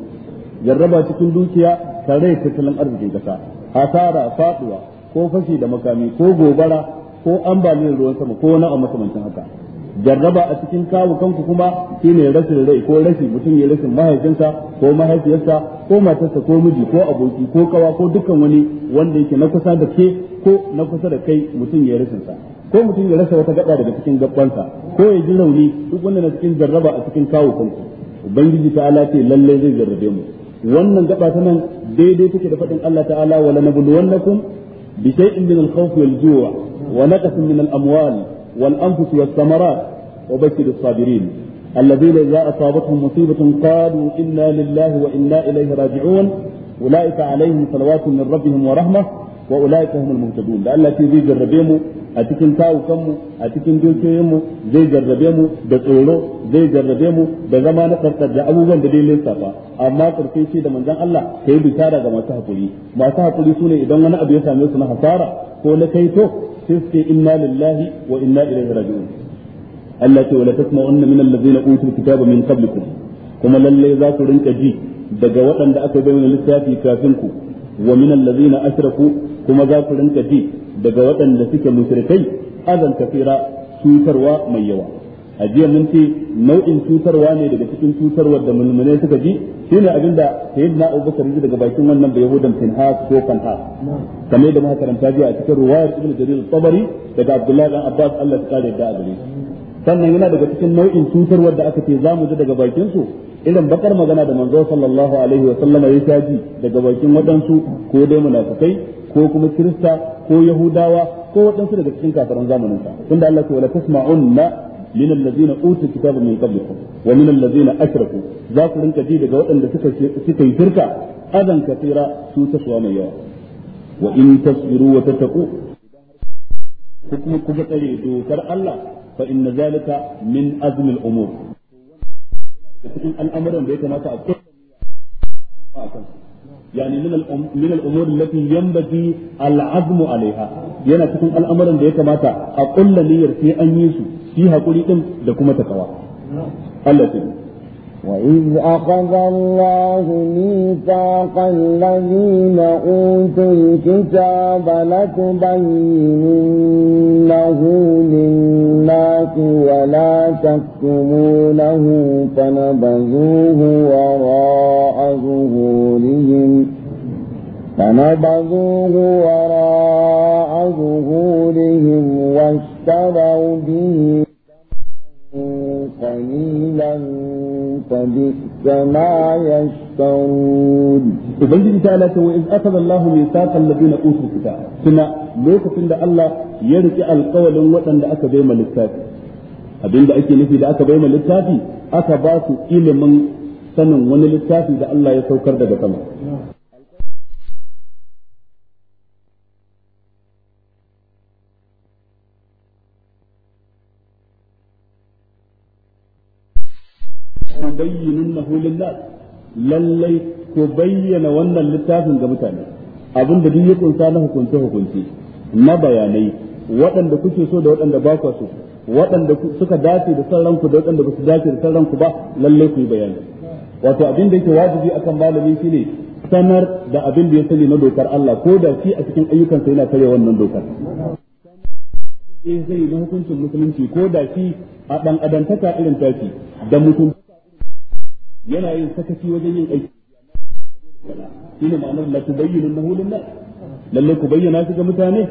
jarraba cikin dukiya tare tattalin arzikin kasa asara, faduwa ko fashi da makami ko gobara ko ambaliyar ruwan sama ko wani a makamancin haka jarraba a cikin kawu kanku kuma shine rashin rai ko rashi mutum ya rashin mahaifinsa ko mahaifiyarsa ko matarsa ko miji ko aboki ko kawa ko dukkan wani wanda yake na kusa da ke ko na kusa da kai mutum ya rashin sa ko mutum ya rasa wata gaba daga cikin gabbansa ko ya ji rauni duk wannan na cikin jarraba a cikin kawo kanku ubangiji ta'ala ce lalle zai jarrabe mu wannan gaba ta nan daidai take da faɗin Allah ta'ala wala nabluwannakum bi shay'in min al-khawf wal-ju' wa naqsin min al-amwal wal-anfus was-samarat wa bashir as-sabirin الذين إذا أصابتهم مصيبة قالوا إنا لله وإنا إليه راجعون أولئك عليهم صلوات من ربهم ورحمة wa ulaika humul muhtadun da Allah zai jarrabe mu a cikin tawukan mu a cikin dokiyoyin mu zai jarrabe mu da tsoro zai jarrabe mu da zama na tsarkar da abubuwan da dai lissafa amma karfe shi da manzon Allah kai bishara ga masu hakuri masu hakuri sune idan wani abu ya same su na hasara ko na kaito sai su inna lillahi wa inna ilaihi raji'un Allah ce wala tasma'unna min allazina utul kitaba min qablikum kuma lalle za ku rinka ji daga waɗanda aka bayyana lissafi kafin ku wa min allazina ashraku kuma za ku rinka ji daga waɗanda suke mushrikai azan kafira cutarwa mai yawa a jiya mun ce nau'in cutarwa ne daga cikin cutarwar da mulmune suka ji shine abin da sayyidina Abubakar ji daga bakin wannan bai Yahudan Finhas ko Kanhas kamar da muka karanta a cikin riwayar Ibn Jarir Tabari daga Abdullahi dan Abbas Allah ya kare da gare sannan yana daga cikin nau'in cutarwar da aka ce za mu ji daga bakin su irin bakar magana da manzo sallallahu alaihi wa sallama ya taji daga bakin waɗansu ko dai munafikai ko kuma kirista ko yahudawa ko waɗansu daga cikin kafiran zamanin sa tunda Allah ya wala tasma'unna min allazina utu kitaba min qablikum wa min allazina ashraku za ku rinka ji daga waɗanda suka suka yi shirka adan katira su suwa mai yawa wa in tasbiru wa tattaqu kuma kuka tsare dokar Allah fa inna zalika min azmil umur da cikin al'amuran da ya kamata a kullum a kansu yani min al-umur um, allati yanbaghi al-azmu alaiha yana cikin al'amuran da ya kamata a kullum niyyar sai an yi su shi hakuri din da kuma takawa Allah ya وإذ أخذ الله ميثاق الذين أوتوا الكتاب لتبيننه للناس ولا تكتمونه فنبذوه وراء ظهورهم فنبذوه وراء ظهورهم واشتروا به فبئس ما يشترون ubangiji ta lata wa iz akhadha Allah mithaqal ladina utul kitab tuna lokacin da Allah ya riƙe alƙawalin waɗanda aka bai littafi abinda ake nufi da aka bai littafi aka ba su ilimin sanin wani littafi da Allah ya saukar daga sama lallai ku bayyana wannan littafin ga mutane abin da duk ya kunsa na hukunce hukunce na bayanai waɗanda kuke so da waɗanda ba ku so waɗanda suka dace da san ranku da waɗanda ba su dace da san ranku ba lallai ku yi bayani wato abin da yake wajibi akan malami shine sanar da abin da ya sani na dokar Allah ko da shi a cikin ayyukansa yana karya wannan dokar eh zai na hukuncin musulunci ko da shi a ɗan adantaka irin tashi da mutum yana yin sakaci wajen yin aiki ne ma'anar la na lin-nas lalle ku bayyana shi ga mutane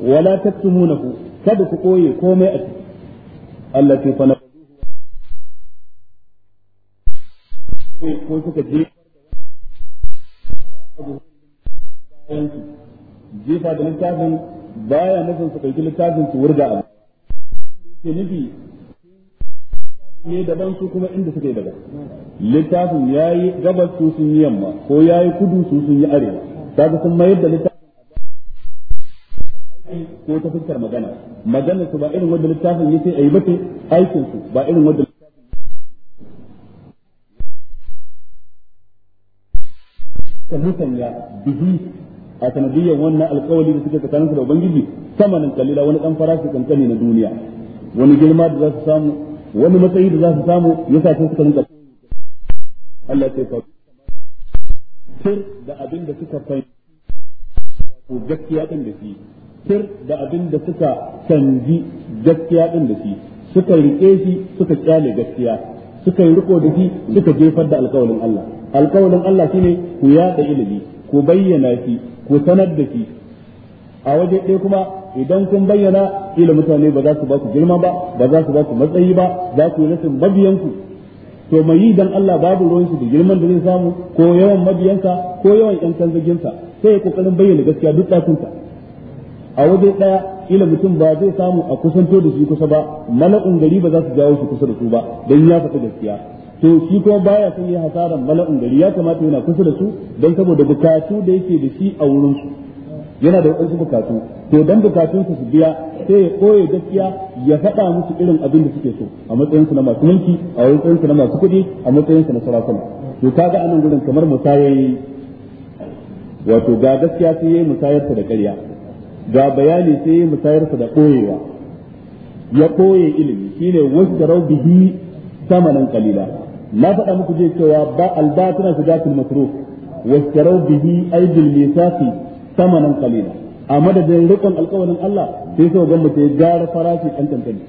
wala taktumunahu kada ku koye komai a ciki Allah ke fana ko suka je jefa da littafin baya nufin su ɗauki littafin su wurga abu ke nufi ne daban su kuma inda suke daban littafin yi gabas su sun yi yamma ko ya yi kudu su sun yi arewa ga sun mayar da littafin ko ta fuskar magana magana su ba irin wanda littafin a ayi bace aikin su ba irin wanda littafin ya bihi a sanadiyyar wannan alkawali da suke su da ubangiji samanin kalila wani dan farashi kankani na duniya wani girma da za su samu wani matsayi da za su samu yasa sai suka rinka Allah ya fa Kir da abin da suka fahimci wato gaskiya din da shi kir da abin da suka canji gaskiya ɗin da shi suka rike shi suka kyale gaskiya suka yi riko da shi suka jefar da alkawarin Allah alkawarin Allah shine ku yaɗa ilimi ku bayyana shi ku sanar da shi a waje ɗaya kuma idan kun bayyana ila mutane ba za su ba ku girma ba ba za su ba ku matsayi ba za ku yi rashin mabiyanku to mai yi dan Allah babu ruwan shi da girman da zai samu ko yawan mabiyanka ko yawan yan kanzaginsa sai ya kokarin bayyana gaskiya duk ɗakunsa a waje ɗaya ila mutum ba zai samu a kusanto da shi kusa ba mala'un gari ba za su jawo shi kusa da su ba dan ya faɗi gaskiya to shi kuma baya son yi hasaran mala'un gari ya kamata yana kusa da su dan saboda bukatu da yake da shi a wurin su yana da wasu bukatu to dan bukatun su biya sai ya koye gaskiya ya faɗa musu irin abin da suke so a matsayin su na masu mulki a matsayin su na masu kuɗi a matsayin su na sarakuna to kaga anan gurin kamar musayayi wato ga gaskiya sai yayi musayar da ƙarya ga bayani sai yayi musayar da koyewa ya koye ilimi shine wasdarau bihi samanan qalila na faɗa muku je cewa ba albatuna fi dakil masruf wasdarau bihi aidil misaqi samanan qalila a madadin rikon alkawarin Allah sai su ga mutai gara farashi dan tantance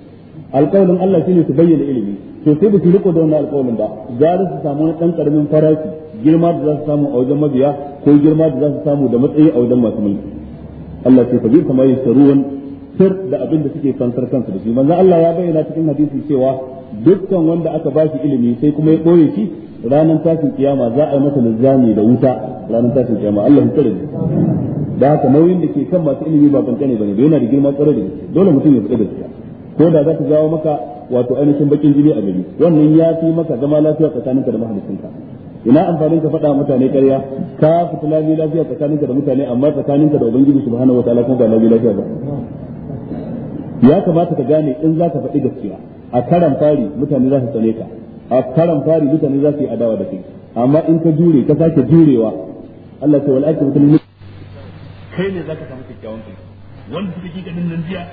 alƙawarin Allah shine su bayyana ilimi to sai ba su riko da wannan alƙawarin ba gara su samu wani dan karamin farashi girma da za su samu a wajen mabiya ko girma da za su samu da matsayi a wajen masu mulki Allah ce fabi kamar yasruwan sir da abin da suke kansar kansu da shi manzo Allah ya bayyana cikin hadisi cewa dukkan wanda aka ba shi ilimi sai kuma ya boye shi ranar tashin kiyama za a yi masa lizzami da wuta ranar tashin kiyama Allah ya tsare da haka nauyin da ke kan masu ilimi ba kankane bane ba yana da girma tsare da dole mutum ya fada gaskiya ko da za ta jawo maka wato ainihin bakin jini a gari wannan ya fi maka zama lafiya tsakaninka da mahalicinka ina amfanin ka faɗa mutane ƙarya ka fita lafiya lafiya tsakaninka da mutane amma tsakaninka da ubangiji subhanahu wataala kuma ga lafiya lafiya ba ya kamata ka gane in za ka faɗi gaskiya a karan fari mutane za su tsane ka a karan fari mutane za su yi adawa da kai amma in ka jure ka sake jurewa Allah ta wal'aki mutum kai ne za ka samu kyakkyawan kai wanda suka kika din nan jiya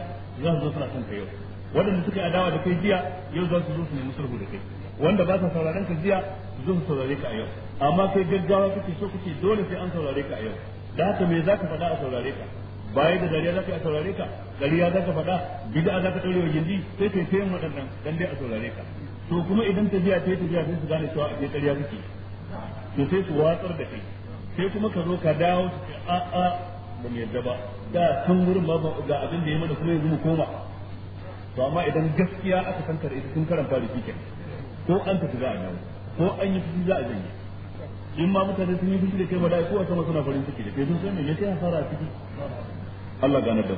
za su zo suna son kai yau waɗanda suka yi adawa da kai jiya yau za su zo su nemi sulhu da kai wanda ba sa sauraron ka jiya zo su saurare ka a yau amma kai gaggawa kake so kake dole sai an saurare ka a yau da haka me za ka faɗa a saurare ka baya da dariya yi a saurare ka dariya ka faɗa bid'a zaka ɗaure wa gindi sai kai sayan waɗannan dan dai a saurare ka to kuma idan biya ta yi tafiya sai su gane cewa a ke ƙarya kake to sai su watsar da kai sai kuma ka zo ka dawo su ce a a ba mu yarda ba da sun wurin ma ga abin da ya mana kuma yanzu mu koma to amma idan gaskiya aka santar ita sun karanta da kike ko an tafi za a dawo ko an yi fushi za a janye in ma mutane sun yi fushi da kai ba da kowa sama suna farin ciki da kai sun san me yake hasara a ciki Allah gane da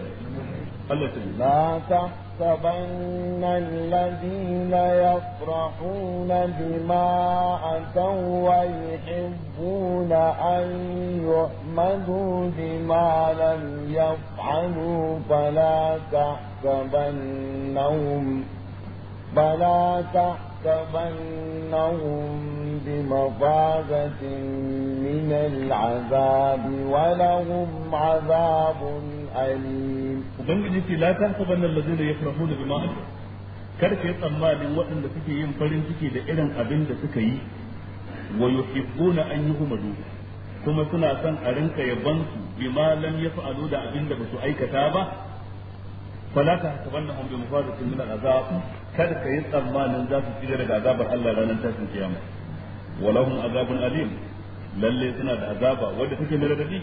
Allah ya tabbata تحسبن الذين يفرحون بما أتوا ويحبون أن يؤمدوا بما لم يفعلوا فلا تحسبنهم فلا تحسبنهم بمفازة من العذاب ولهم عذاب alim ubangiji ce la tahsabanna allazina yafrahuna bima ajabu kar ka yi tsammanin waɗanda suke yin farin ciki da irin abin da suka yi wa yuhibbuna an yuhmadu kuma suna son a rinka yaban su bima lam yaf'alu da abin da basu aikata ba fala ta hasabannahum bi mufadatin min al'azab kada ka yi tsammanin za su tsira daga azabar Allah ranar tashin kiyama walahum azabun alim lalle suna da azaba wanda take mai radadi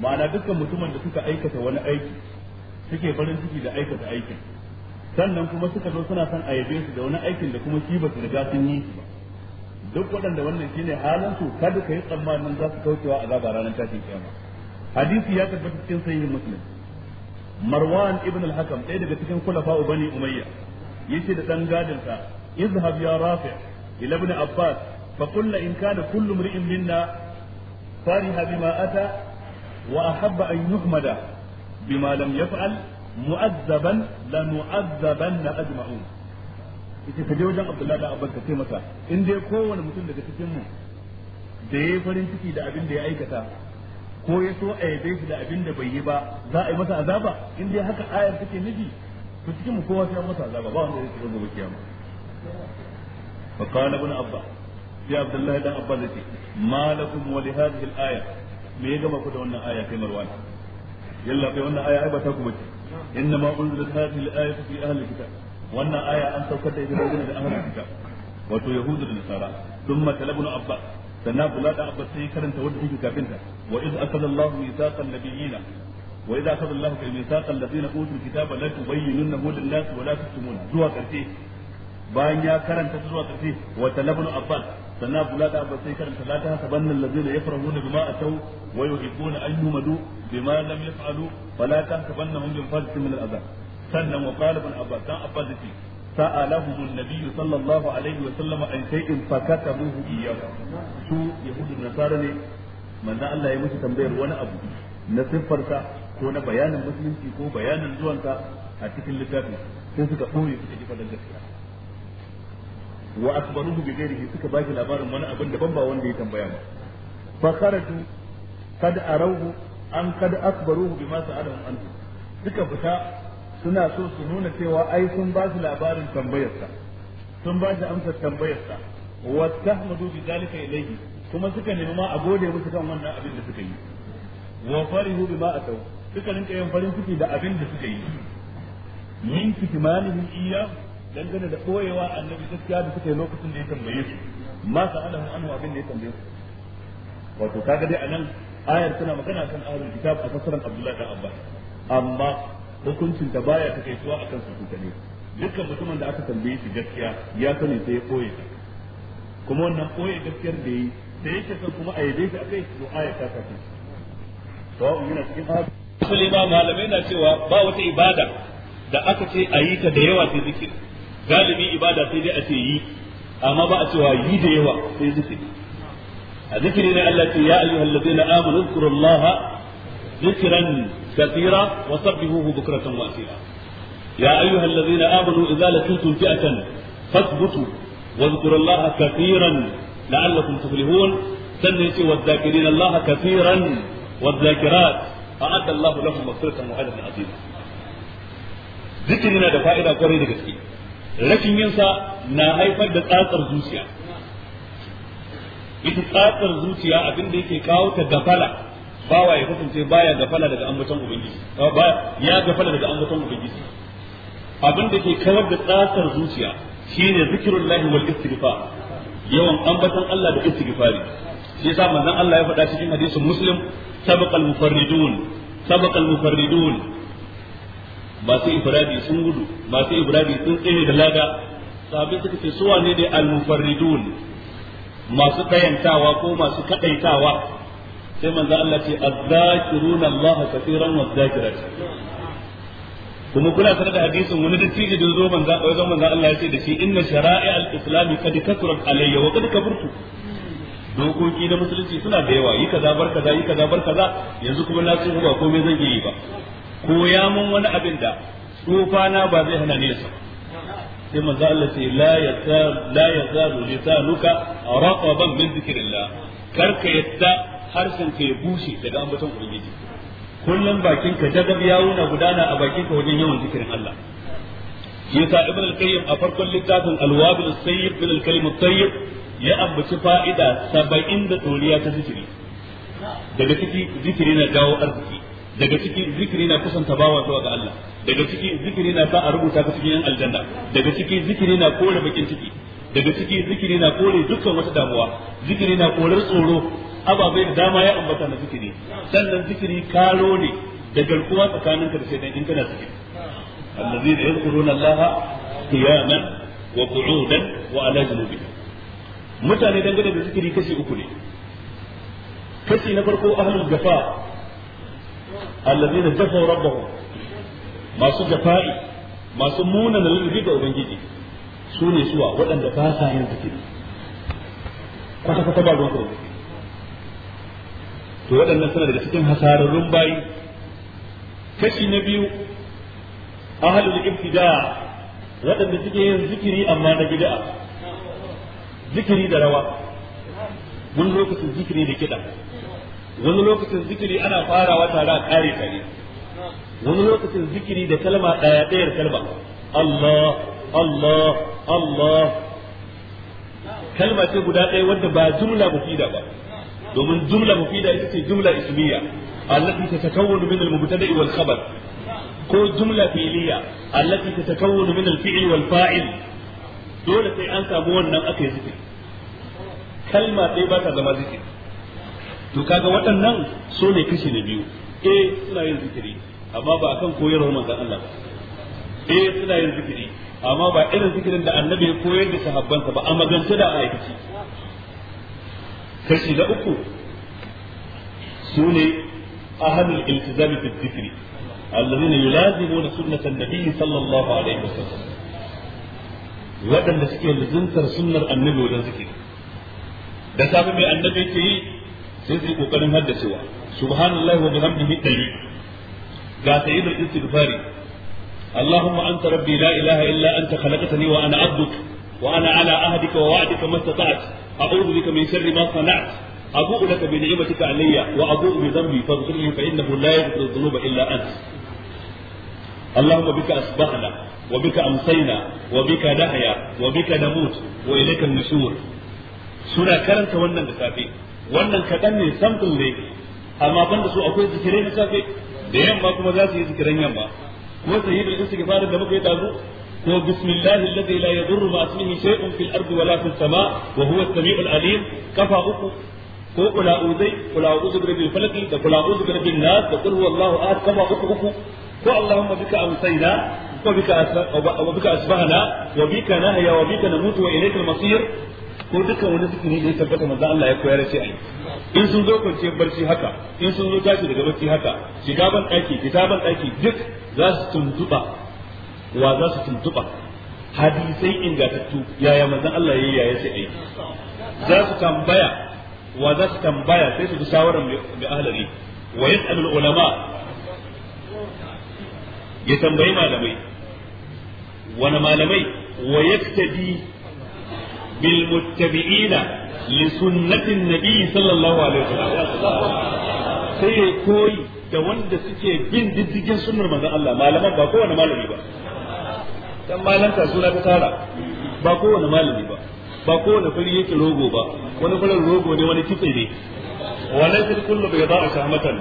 ma'ana dukkan mutumin da suka aikata wani aiki suke farin ciki da aikata aikin sannan kuma suka zo suna son a yabe su da wani aikin da kuma shi ba su riga sun yi ba duk waɗanda wannan shine halin su kada ka yi tsammanin za su kaucewa azaba ranar tashin kiyama hadisi ya tabbata cikin sahihin muslim marwan ibn al-hakam ɗaya daga cikin kulafa'u bani umayya yace da dan gadinsa izhab ya rafi ila ibn abbas fa qulna in kana kullu imrin minna fariha bima ata وأحب أن يحمد بما لم يفعل مؤذبا لنؤذبن أجمعون ita ka je wajen Abdullahi da Abban ka ce masa in dai kowane mutum daga cikin mu da yayi farin ciki da abin da ya aikata ko ya so a yabe shi da abin da bai yi ba za a yi masa azaba in dai haka ayar take nufi to cikin mu kowa sai masa azaba ba wanda ya shiga gobe kiyama fa qala ibn abba ya Abdullahi da Abba zai ce lakum wa li hadhihi al aya. me ya gama ku da wannan aya kai marwan yalla kai wannan aya ai ba ta ku bace inna ma unzilat hadhihi al-ayatu fi ahli kitab wannan aya an saukar da ita ga ahli kitab wato yahudu da nasara thumma talabun abba sannan abdullah da abba sai karanta wanda take kafin ta wa iz akhadha allah mithaqan nabiyina wa idza akhadha allah kal mithaqan alladhina utul kitaba la tubayyinunahu lin-nas wa la tuktumun zuwa karshe bayan ya karanta zuwa karshe wa talabun Abba. sannan Abdullah da Abbas sai karanta la ta hasabanna allazina yafrahuna bima ataw wa yuhibbuna an yumadu bima lam yaf'alu fala tahsabannahum bi fadlin min al-azab sannan wa qala Abbas dan Abbas yake sa'alahum an-nabiy sallallahu alaihi wa sallam an shay'in fakatabuhu iyyahu su yahudu nasara ne manzo Allah ya musu tambayar wani abu na siffarsa ko na bayanin musulunci ko bayanin zuwanka a cikin littafin sai suka ɓoye suka ji fadar gaskiya wa akbaruhu bi ghairihi suka baki labarin wani abin daban ba wanda ya tambaya ba fa kharatu kad arawhu an kad akbaruhu bima sa'alahum an suka fita suna so su nuna cewa ai sun ba su labarin tambayarsa sun ba shi amsar tambayarsa wa tahmadu bi zalika ilayhi kuma suka nemi ma a gode musu kan wannan abin da suka yi wa farihu bima ataw suka rinka yin farin ciki da abin da suka yi min kitmanihim iyyahu dangane da koyewa annabi gaskiya da suka lokacin da ya tambaye su ma sa'alahu anhu abin da ya tambaye su wato kaga dai anan ayar tana magana kan ahlul kitab a fasaran Abdullahi da Abbas amma hukuncin da baya ta kaituwa akan su kane dukkan mutumin da aka tambaye shi gaskiya ya sani sai ya koye kuma wannan koye gaskiyar da yi da yake son kuma a yabe shi akai to ayar ta kace sawa'un yana cikin hali Sulaiman malamai na cewa ba wata ibada da aka ce a yi ta da yawa sai zikiri galibi ibada sai dai a ce yi amma ba a cewa yi da yawa sai zikiri a zikiri ne Allah ce ya ayyuha alladheena amanu zkurullaha zikran kathira wa sabbihuhu bukratan wa asila ya ayyuha alladheena amanu idza laqitum fi'atan fathbutu wa zkurullaha kathiran la'allakum tuflihun sannan ce wa zakirina Allah kathiran wa zakirat fa'adda Allah lahum maghfiratan wa ajran rashin yin sa na haifar da tsatsar zuciya ita tsatsar zuciya abin da yake kawo ta gafala bawa ya kasance baya gafala daga ambaton ubangiji ba ya gafala daga ambaton ubangiji abin da ke kawar da tsatsar zuciya shine zikrullahi wal istighfar yawan ambaton Allah da istighfari shi yasa manzon Allah ya faɗa cikin hadisin muslim sabaqal mufarridun sabaqal mufarridun masu ifradi sun gudu masu ifradi sun tsere da lada sahabbai suka ce suwa ne da al-mufarridun masu kayantawa ko masu kadaitawa sai manzo Allah ce azzakiruna Allah katiran wa zakirat kuma kula sanar da hadisin wani dattijo da zo manzo wajen manzo Allah ya ce da shi inna shara'i al-islam kad kasrat alayya wa kad kaburtu dokoki da musulunci suna da yawa yi kaza bar kaza yi kaza bar kaza yanzu kuma na tsufa ba komai zan yi ba koya mun wani abin da tsufa na ba zai hana ne sa sai manzo Allah ce la yazal la yazalu lisanuka raqaban min zikrillah kar ka yadda harshen ka ya bushe daga ambaton ubangiji kullum bakin ka jagab ya wuna gudana a bakin ka wajen yawan zikirin Allah yasa ibn al-qayyim a farkon littafin al-wabil sayyib min al-kalim at-tayyib ya ambaci fa'ida 70 da tsoriya ta zikiri daga ciki zikiri na dawo arziki daga ciki zikiri na kusanta bawa zuwa ga Allah daga ciki zikiri na sa a rubuta ka cikin yan aljanna daga ciki zikiri na kore bakin ciki daga ciki zikiri na kore dukkan wata damuwa zikiri na korar tsoro ababai da dama ya ambata na zikiri sannan zikiri karo ne da garkuwa tsakaninka da shaidan in kana zikiri allazina yadhkuruna allaha qiyaman wa qu'udan wa ala junubihim mutane dangane da zikiri kashi uku ne kashi na farko ahlul gafa allazina jafaw rabbahum masu jafa'i masu muna na lalabi ga ubangiji su ne suwa waɗanda ba sa yin zikiri kwata kwata ba ruwan kurkuku to waɗannan suna daga cikin hasararrun bayi kashi na biyu ahlul ibtida waɗanda suke yin zikiri amma na bid'a zikiri da rawa wani lokacin zikiri da kiɗa wani lokacin zikiri ana farawa tare a kare kare wani lokacin zikiri da kalma daya dayar kalma Allah Allah Allah kalma ce guda ɗaya wadda ba jumla mufida ba domin jumla mufida ita ce jumla ismiya allati tatakawwanu min al-mubtada'i wal khabar ko jumla fi'liya allati tatakawwanu min al-fi'li wal fa'il dole sai an samu wannan aka yi zikiri kalma ɗaya ba ta zama zikiri to kaga waɗannan so ne kashi na biyu a eh, suna yin zikiri amma ba akan koyarwar manzon Allah ba a eh, suna yin zikiri amma ba irin zikirin da annabi ya koyar da sahabbansa ba a magance da aikaci kashi na uku su ne ahalul iltizami fi zikri alladhina yulazimuna sunnatan nabiyyi sallallahu alaihi wasallam waɗanda suke lazuntar sunnar annabi wajen zikiri da safe mai annabi yake yi sai su yi kokarin haddacewa subhanallahi wa bihamdihi dari ga sayyidul istighfari اللهم أنت ربي لا إله إلا أنت خلقتني وأنا عبدك وأنا على عهدك ووعدك ما استطعت أعوذ بك من شر ما صنعت أبوء لك بنعمتك علي وأبوء بذنبي فاغفر لي فإنه لا يغفر الذنوب إلا أنت اللهم بك أصبحنا وبك أمسينا وبك نحيا وبك نموت وإليك النشور سورة كرنت ونن بسافي wannan kaɗan ne samfin ne amma ban da su akwai zikirai na safe da yamma kuma za su yi zikirin yamma ko sahihul yi da su fara muka yi tazo ko bismillahi alladhi la yadurru ma ismihi shay'un fil ardi wala fis sama wa huwa as-sami'ul alim kafa uku ko kula uzai kula uzu bi falaki da kula uzu bi nas da qul huwallahu ahad kafa uku uku ko allahumma bika amsayna bika wa وبك أسبحنا وبك نهيا وبك نموت وإليك masir ko dukkan wani zikiri da ya tabbata manzo Allah ya koyar ce ai in sun zo kwanciyar barci haka in sun zo tashi daga barci haka shiga ban daki fita ban daki duk za su tuntuba wa za su tuntuba hadisai ingantattu yaya manzo Allah ya yaya ce ai za su tambaya wa za su tambaya sai su bi shawaran bi ahlari wa yasalul ulama ya tambayi malamai wani malamai wa yaktadi بالمتبعين لسنة النبي صلى الله عليه وسلم sai ya koyi da wanda suke bin diddigin sunnar manzon Allah malaman ba kowane malami ba dan malanta suna ta tara ba kowane malami ba ba kowane fari yake rogo ba wani farin rogo ne wani kitse ne wannan sai kullu bai ba'a shahmatan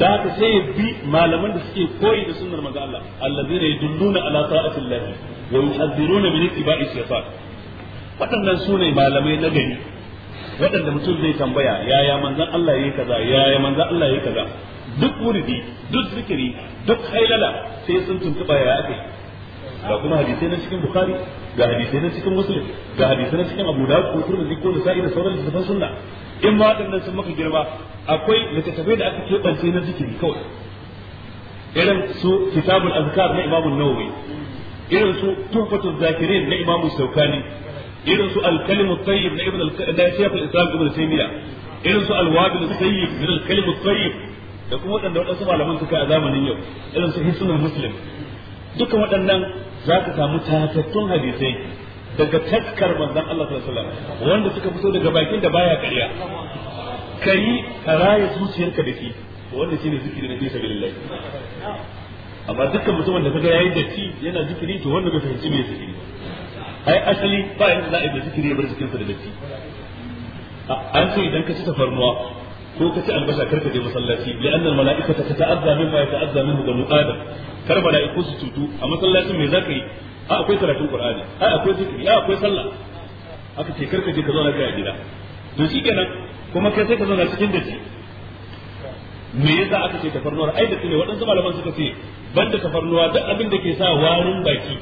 da ta sai bi malaman da suke koyi da sunnar manzon Allah allazina yadulluna ala ta'atillah wa yuhadhiruna bi ittiba'i shaytan waɗannan su ne malamai na gari waɗanda mutum zai tambaya yaya manzan Allah yi kaza yaya manzan Allah yi kaza duk wuridi duk zikiri duk hailala sai sun tuntuɓa ya aka ga kuma hadisai na cikin bukhari ga hadisai na cikin muslim ga hadisai na cikin abu dawud ko turmi ko da sa'i da sauran littafan sunna in ma waɗannan sun maka girma akwai littattafai da aka keɓance na zikiri kawai irin su kitabul azkar na imamun nawawi irin su tuhfatul zakirin na imamu saukani irin su al-kalimu tayyib na ibn da shaykh al-islam ibn taymiya irin su al-wabil tayyib min al-kalimu tayyib da kuma waɗanda waɗansu malaman suka a zamanin yau irin su hisnul muslim duka waɗannan za ka samu tatattun hadisai daga taskar manzon Allah sallallahu alaihi wasallam wanda suka fito daga bakin da baya ƙarya kai ka raya zuciyarka da shi wanda shine zikiri na bisa billahi amma dukkan mutumin da kaga yayi datti yana zikiri to wanda bai fahimci me zikiri ai asali ba yadda za a yi zikiri ya bar jikinsa da datti an ce idan ka ci tafarnuwa ko ka ci albasa karka je masallaci li'anna al-mala'ikata tata'azza mimma yata'azza minhu banu adam kar mala'iku su tutu a masallacin me zaka yi a akwai karatun qur'ani a akwai zikiri a akwai sallah aka ce karka je ka zauna kai a gida to shikenan kuma kai sai ka zauna cikin dace me yasa aka ce tafarnuwa? ai da ne waɗansu malaman suka ce banda tafarnuwa duk abin da ke sa warin baki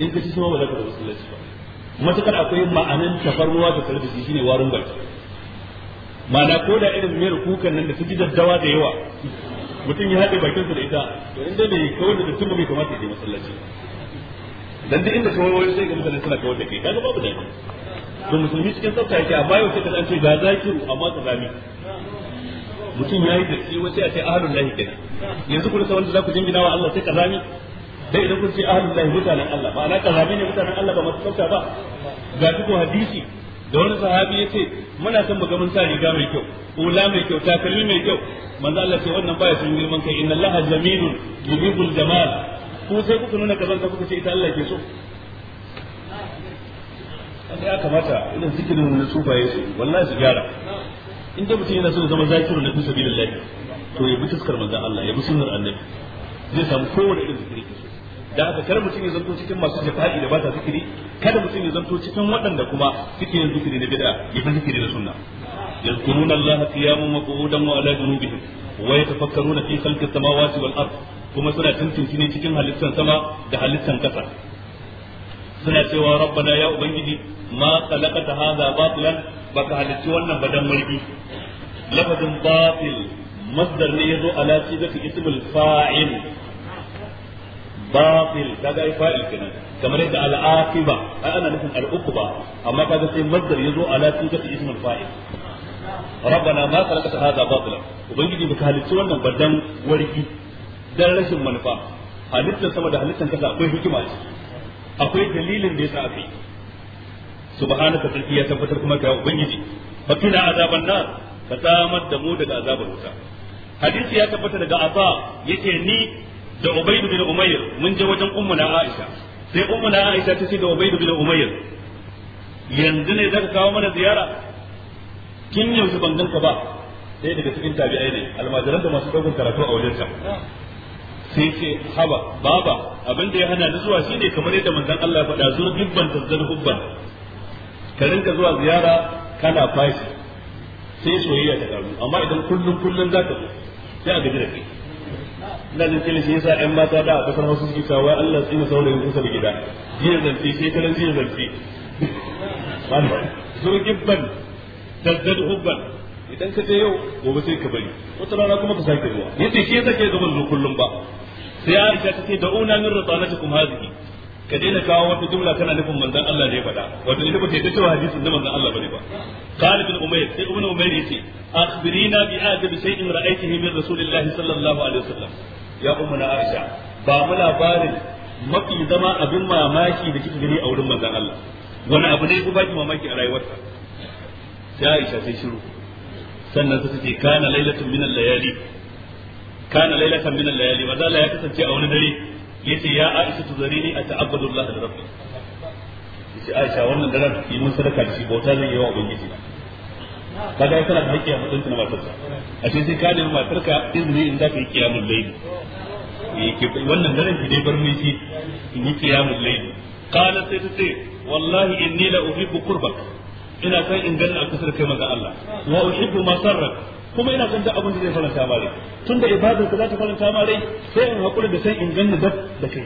in ka ci sama ba za ka zo masallaci ba matukar akwai ma'anan tafarnuwa da sarda shi shine warin baki ma'ana ko da irin mai kukan nan da su ji daddawa da yawa mutum ya haɗe bakinsa da ita to inda bai kawar da dattin bai kamata ya je masallaci dan duk inda kawai wani sai ga mutane suna kawar da kai kaga babu dadi to musulmi cikin tsafta yake amma yau sai ka an ce ga zakiru amma tsazami mutum yayi da shi wace a ce ahlul lahi kenan yanzu kuma sai wanda za ku jingina wa Allah sai ka kazami dai idan kun ce ahlullah mutanen Allah ba ana kazami ne mutanen Allah ba masu tsafta ba ga duk hadisi da wani sahabi ya ce muna son mu ga mun sa riga mai kyau ula mai kyau takalmi mai kyau manzo Allah ce wannan baya sun girman kai inna Allah jamilun yuhibbul jamal ko sai kuka nuna kazanta kuka ce ita Allah ke so sai ya kamata irin zikirin na sufaye su wallahi su gyara in da mutum yana son zama zakirun na fi sabilillah to ya bi tuskar manzon Allah ya bi sunnar annabi zai samu kowane irin zikiri ke da haka kar mutum ya zanto cikin masu jafa'i da ba ta zikiri kada mutum ya zanto cikin waɗanda kuma suke yin zikiri na bid'a ya fi zikiri na sunna yadhkuruna allaha qiyaman wa qu'udan wa ala junubihim wa yatafakkaruna fi khalqi samawati wal ard kuma suna tuntunci ne cikin halittar sama da halittar ƙasa suna cewa rabbana ya ubangiji ma ta hadha batilan baka halicci wannan badan mulki lafazin batil masdar ne ya yazo ala sifati ismul fa'il batil kaga ai fa'il kenan kamar yadda al-aqiba ai ana nufin al-uqba amma kaga sai masdar yazo ala sifati ismul fa'il rabbana ma khalaqta hadha batila ubangiji baka halicci wannan badan warki dan rashin manufa halittar sama da halittar kasa akwai hikima ce akwai dalilin da yasa akai subhanaka sarki ya tabbatar kuma kai ubangiji fakina azaban nar ka samar da mu daga azabar wuta hadisi ya tabbata daga asa yake ni da ubaydu bin umayr mun je wajen ummu na aisha sai ummu na aisha ta ce da ubaydu bin umayr yanzu ne zaka kawo mana ziyara kin yaushe ban ganka ba sai daga cikin tabi'ai ne almajiran da masu daukan karatu a wajensa sai ce haba baba abin da ya hana ni zuwa shine kamar yadda manzon Allah ya faɗa zur gibban tazzal hubban ka rinka zuwa ziyara kana fashi sai soyayya ta karu amma idan kullun kullun zaka zo sai a gaji da kai ina jin kila shi yasa ƴan mata da a kasar Hausa suke cewa Allah tsina saurayin kusa da gida jiya zance ta karan jiya zance zurgibban tazdad hubban idan ka je yau gobe sai ka bari wata rana kuma ka sake zuwa yace shi yasa ke gaban zo kullum ba sai Aisha ta ce da'una min ridanatikum hadhihi ka daina kawo wata jumla kana nufin manzon Allah ne faɗa wato ne nufin ta cewa hadisin na manzon Allah bane ba Khalid bin Umayr sai Ibn Umayr yace akhbirina bi ajabi shay'in ra'aytihi min Rasulillah sallallahu alaihi wasallam ya na Aisha ba mu labarin mafi zama abin mamaki da kika gani a wurin manzon Allah wani abu ne ku baki mamaki a rayuwarsa sai Aisha sai shiru sannan ta ce kana lailatun min al-layali kana lailatan min al-layali maza la ya kasance a wani dare yace ya Aisha tuzarini ata'abbadu Allah da rabbi yace Aisha wannan daren yi mun sadaka da shi bauta zan yi wa ubangiji kaga ai kana da haƙƙi a matsayin na matarka a ce sai ka nemi matarka izini in za zaka yi kiyamul layli eh, yake wannan daren ki dai bar ni shi in yi kiyamul layli qala sai ta ce wallahi inni la uhibbu qurbak ina san in ganna a kusur kai maza Allah wa uhibbu masarrak kuma ina son duk abin da zai faranta ma rai tunda ibadar ka za ta faranta ma rai sai in hakura da sai in ganna dab da kai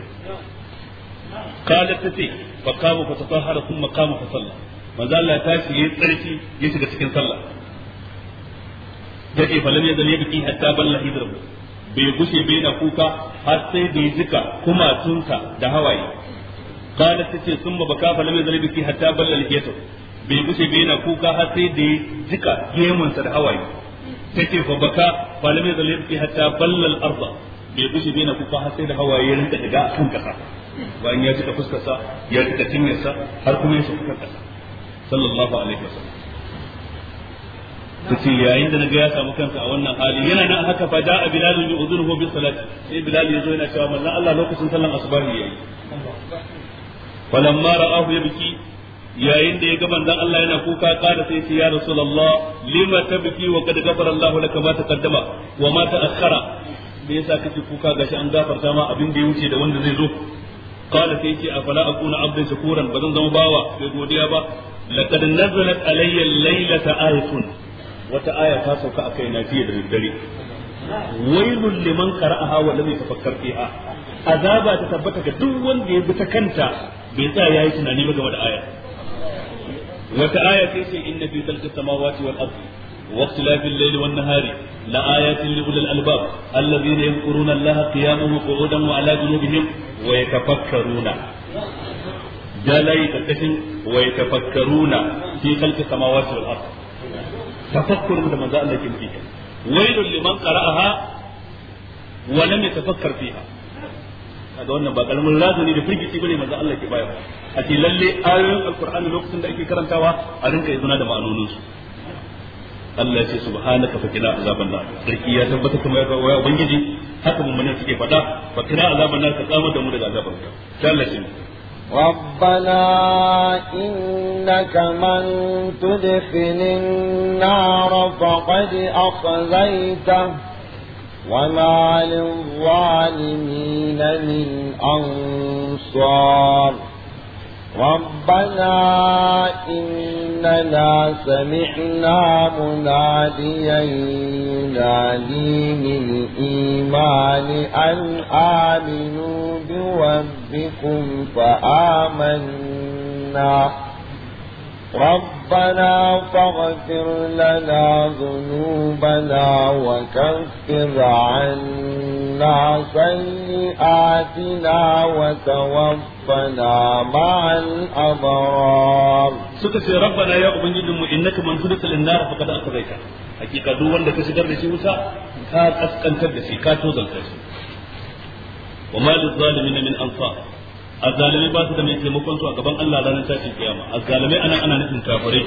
qalat ce fa qama fa tatahhara thumma qama fa salla manzo Allah tashi yayi tsarki ya shiga cikin sallah da fa lam yadal biki hatta balla hidrahu bai gushe bai na kuka har sai bai kuma tunka da hawaye qalat sun ba baka fa lam yadal biki hatta balla hidrahu bai gushe bai na kuka har sai da zika gemunsa da hawaye take fa baka fa lam yazal yabki hatta balla al-arda bai gushi bai na kuka har sai da hawaye ya rinka daga kan kasa bayan ya tuka fuskar sa ya tuka cinyar sa har kuma ya shafi kan kasa sallallahu alaihi wasallam tace yayin da naga ya samu kansa a wannan hali yana nan haka fa da'a bilal bi udhruhu bi salati sai bilal yazo yana cewa manzon Allah lokacin sallan asubahi yayi falamma ra'ahu yabki yayin da ya ga manzon Allah yana kuka kada sai ce ya rasulullah lima tabki wa qad ghafara Allah laka ma taqaddama wa ma ta'akhkhara me yasa kake kuka gashi an gafarta ma abin da ya wuce da wanda zai zo qala sai ce afala akuna abdan shakuran bazan zama bawa sai godiya ba laqad nazalat alayya laylata ayatun wata aya ta sauka a kai na jiya da daddare wailul liman qara'aha wa lam yatafakkar fiha azaba ta tabbata ga duk wanda ya bi ta kanta bai tsaya yayi tunani ba game da aya wata aya sai ce inna fi khalqis samawati wal ardi wa ikhtilafil layli wan nahari la ayatin li ulil albab alladhina yadhkuruna allaha qiyaman wa qu'udan wa ala junubihim wa yatafakkaruna dalai karkashin wa yatafakkaruna fi khalqis samawati wal ardi tafakkur da manzo Allah ke nufi wailul liman qara'aha wa lam yatafakkar fiha kaga wannan ba kalmar razani da firgici bane manzo Allah ke bayar a ce lalle ayoyin alqur'ani lokacin da ake karantawa a rinka izina da ma'anonin su Allah ya ce subhanaka fa kina azaban nar sarki ya tabbata kuma ya ga ubangiji haka mun ne suke fada fa kina azaban nar ka kama da mu daga azaban ka sai Allah ya ربنا إنك من تدخل النار فقد أخزيته وما للظالمين من أنصار ربنا إننا سمعنا مناديا ينادي للإيمان أن آمنوا بربكم فآمنا رب ربنا فاغفر لنا ذنوبنا وكفر عنا سيئاتنا وتوفنا مع الأبرار سكت ربنا يا أبني دم إنك من تدخل النار فقد أخذيك حقيقة دو وند كسجر لشي وسا كان أسكن تبسي كاتوزل تبسي وما للظالمين من أنصار azzalimai ba su da mai taimakon su a gaban Allah ranar tashin kiyama azzalimai anan ana nufin kafare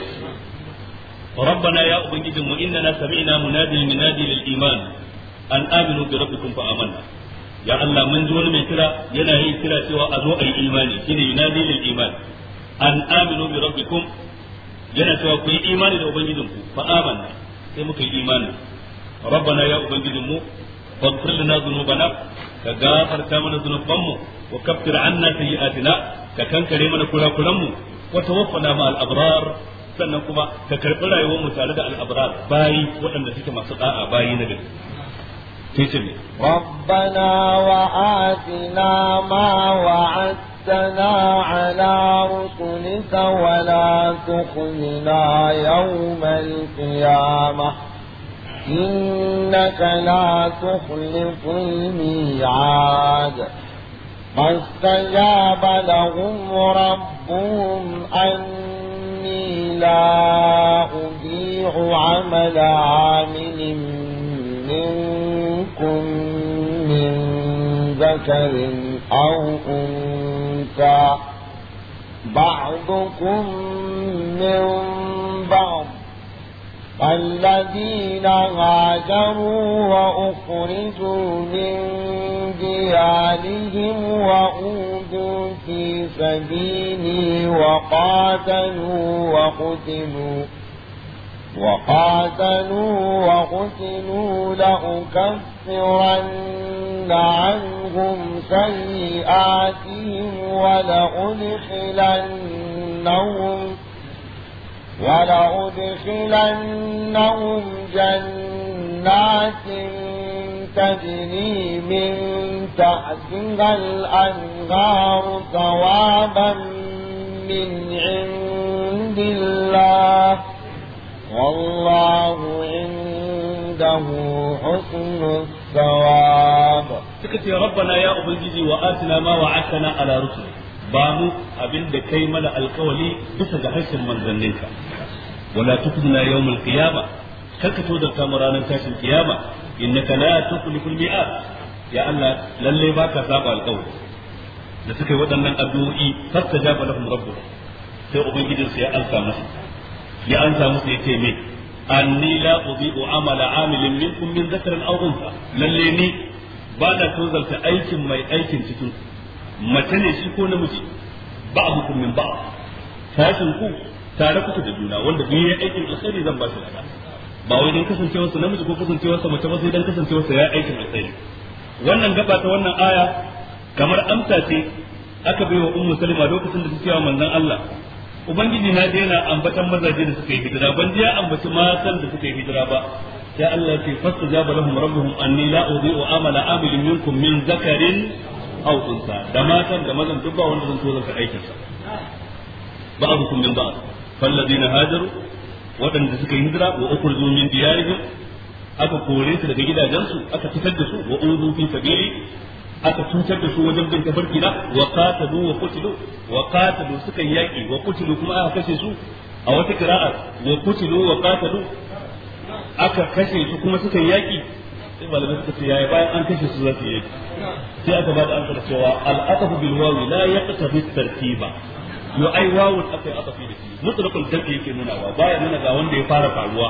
rabbana ya ubangiji mu inna na sami'na munadin munadi lil iman an aminu bi rabbikum fa amanna ya Allah mun ji wani mai kira yana yi kira cewa a zo ayi imani shine yunadi lil iman an aminu bi rabbikum yana cewa ku yi imani da ubangijinku fa amanna sai muka yi imani rabbana ya ubangijin mu فاغفر لنا ذنوبنا كغافر كامل ذنوبنا وكفر عنا سيئاتنا ككن كريما كلا كلام وتوفنا مع الأبرار sannan kuma ka karɓi rayuwar mu tare da al'abrar bayi waɗanda suke masu da'a bayi na gari sai ce ne rabbana wa atina ma wa'adtana ala rusulika wa la tukhzina yawmal qiyamah إنك لا تخلف الميعاد فاستجاب لهم ربهم أني لا أضيع عمل عامل منكم من ذكر أو أنثى بعضكم من بعض الذين هاجروا وأخرجوا من ديارهم وأوذوا في سبيلي وقاتلوا وقتلوا وقاتلوا وقتلوا لأكفرن عنهم سيئاتهم ولأدخلنهم ولأدخلنهم جنات تجري من تحتها الأنهار ثوابا من عند الله والله عنده حسن الثواب سكت يا ربنا يا أبنجي وآتنا ما وعدتنا على رسلك ba abin da kai mana alkawali bisa ga harshen manzanninka wala tukuna yawmul qiyama karka to da mu ranar tashin kiyama innaka la tukhliful mi'ad ya Allah lalle baka saba alkawali da suka yi waɗannan addu'o'i fastajaba lahum rabbuhum sai ubangijinsu ya ansa musu ya ansa musu yace me anni la udhi'u amala amilin minkum min dhakarin aw unsa lalle ni ba da tozalta aikin mai aikin cikin mace ne shi ko namiji ba a hukumin ba ku tare kuke da juna wanda duk yayi aikin alkhairi zan ba shi lada ba wai dan kasancewar sa namiji ko kasancewar sa mace ba sai dan kasancewar sa yayi aikin alkhairi wannan gaba ta wannan aya kamar amsa ce aka bai wa ummu salima lokacin da ta cewa manzon Allah ubangiji na daina ambatan mazaje da suka yi hijira ban ji ya ambaci matan da suka yi hijira ba sai Allah ya ce fastajaba lahum rabbuhum anni la udhi'u amala amilin minkum min zakarin auɗinsa da matan da mazan duk ba wanda zan so zaka aikinsa ba'dukum min ba'd falladina hajaru waɗanda suka yi hijira wa ukhrizu min diyarihim aka kore su daga gidajensu aka fitar da su wa uzu fi sabili aka cutar da su wajen bin tafarki na wa qatalu wa qutilu wa qatalu suka yaki wa qutilu kuma aka kashe su a wata qira'a wa qutilu wa qatalu aka kashe su kuma suka yaki malamai suka ce yayi bayan an kashe su zasu yi sai aka ba da amsar cewa al-aqfu bil wawi la yaqtabi tartiba yo ai wawu akai aqfi da shi mutlaqul tarki yake nuna wa bayan nuna ga wanda ya fara faruwa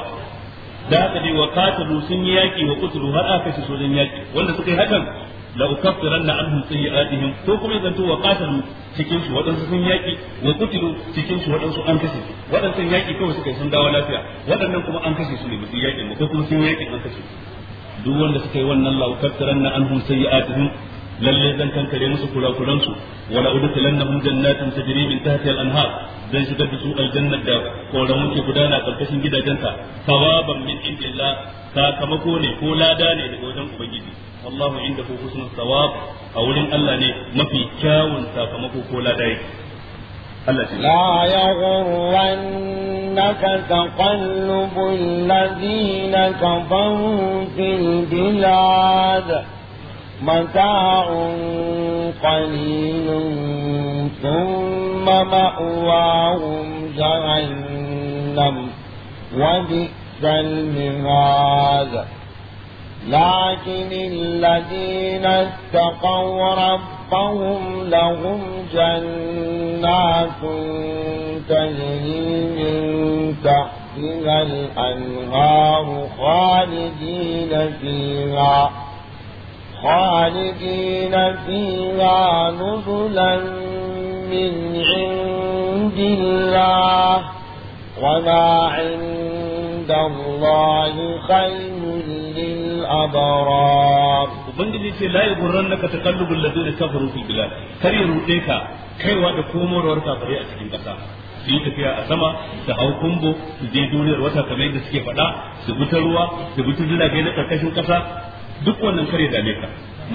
da haka dai wa qatalu sun yi yaki wa qutlu har aka kashe sojan yaki wanda suka yi hakan la ukaffiranna anhum sayyi'atihim ko kuma yanzu wa qatalu cikin su wadansu sun yaki wa qutilu cikin su wadansu an kashe wadannan yaki kawai suka sun dawo lafiya wadannan kuma an kashe su ne musu yaki ko kuma sun yaki an kashe su duk wanda suka yi wannan laukattaran na anhum sayyi'atihim lalle zan kankare musu kurakuran su wa la udkhilannahum jannatin tajri min tahtiha al-anhar zan shiga da su aljanna da koran ke gudana karkashin gidajenta sawaban min indillah sakamako ne ko lada ne daga wajen ubangiji wallahu indahu husnul sawab a wurin Allah ne mafi kyawun sakamako ko lada yake لا يغرنك تقلب الذين كفروا في البلاد متاع قليل ثم مأواهم جهنم وبئس المهاد لكن الذين اتقوا ربهم لهم جنات تجري من تحتها الأنهار خالدين فيها خالدين فيها نزلا من عند الله وما عند الله خير للمتقين الأبرار ubangiji ce la yughurran naka taqallubul ladina kafaru fil bilad kar ya rude ka kaiwa da komowar kafare a cikin kasa su yi tafiya a sama su hau kumbo su je duniyar wata kamar yadda suke faɗa su bi ta ruwa su bi ta jirage na ƙarƙashin ƙasa duk wannan kar ya dame ka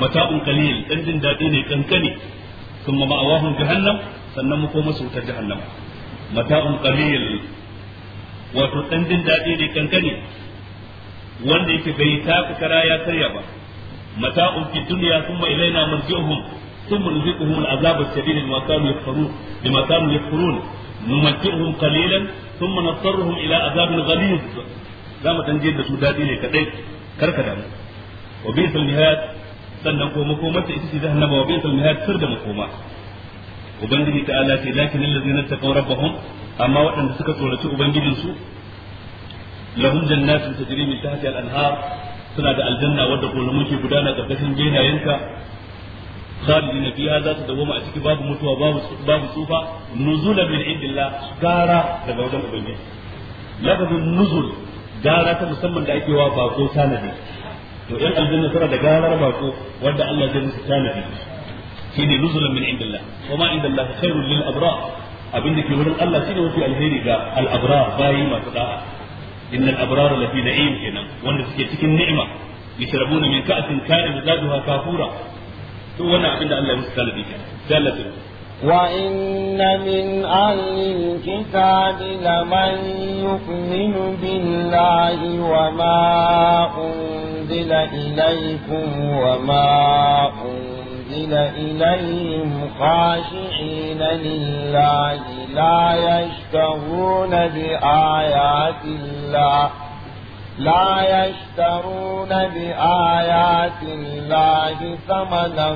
mata'un qalil dan jin dadi ne kankane kuma ma'awahum jahannam sannan mu koma su wutar jahannama mata'un qalil wato dan jin daɗi ne kankani. wanda yake bai taka kara ya karya ba mata'un fi dunya thumma ilaina marji'uhum thumma nuziquhum al'azab as-sadid bima kanu yakfurun bima kanu yakfurun numatti'uhum qalilan thumma nasarruhum ila azabin ghalid za mu dan da su dadi ne kadai karka da mu wa bi'sal mihad sannan ko makomarta ita ce jahannama wa bi'sal mihad sir da makoma ubangiji ala ce lakin allazina taqaw rabbahum amma waɗanda suka tsoraci ubangijinsu lahum jannatun tajri min tahtiha al-anhar suna da aljanna wadda kullum ke gudana karkashin benayenka khalidina fiha za su dawo a ciki babu mutuwa babu babu tsufa nuzulan min indillah gara daga wajen ubangiji lafazin nuzul gara ta musamman da ake wa bako sanadi. to yan aljanna suna da garar bako wanda Allah zai musu tanadi shine nuzulan min indillah wa ma indillah khairul lil abrar abin da ke wurin Allah shine mafi alheri ga al abrar bayi masu da'a innal abrara lafi na'im kenan wanda suke cikin ni'ima yashrabuna min ka'sin kana mizajuha kafura to wannan abin da Allah ya وإن من أهل الكتاب لمن يؤمن بالله وما أنزل إليكم وما أنزل أرسل إليهم خاشعين لله لا يشترون بآيات الله لا يشترون بآيات الله ثمنا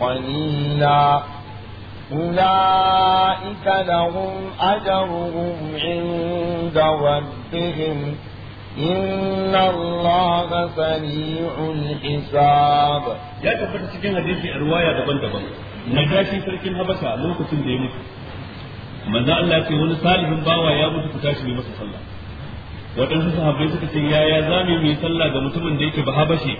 قليلا أولئك لهم أجرهم عند ربهم إن الله سريع الحساب يا تفتح cikin hadisi a riwaya daban-daban nagashi sarkin habasha lokacin da ya mutu manzo Allah ya wani salihin bawa ya mutu ku tashi mai masa sallah waɗansu sahabbai suka ce yaya za mu yi sallah ga mutumin da yake ba habashi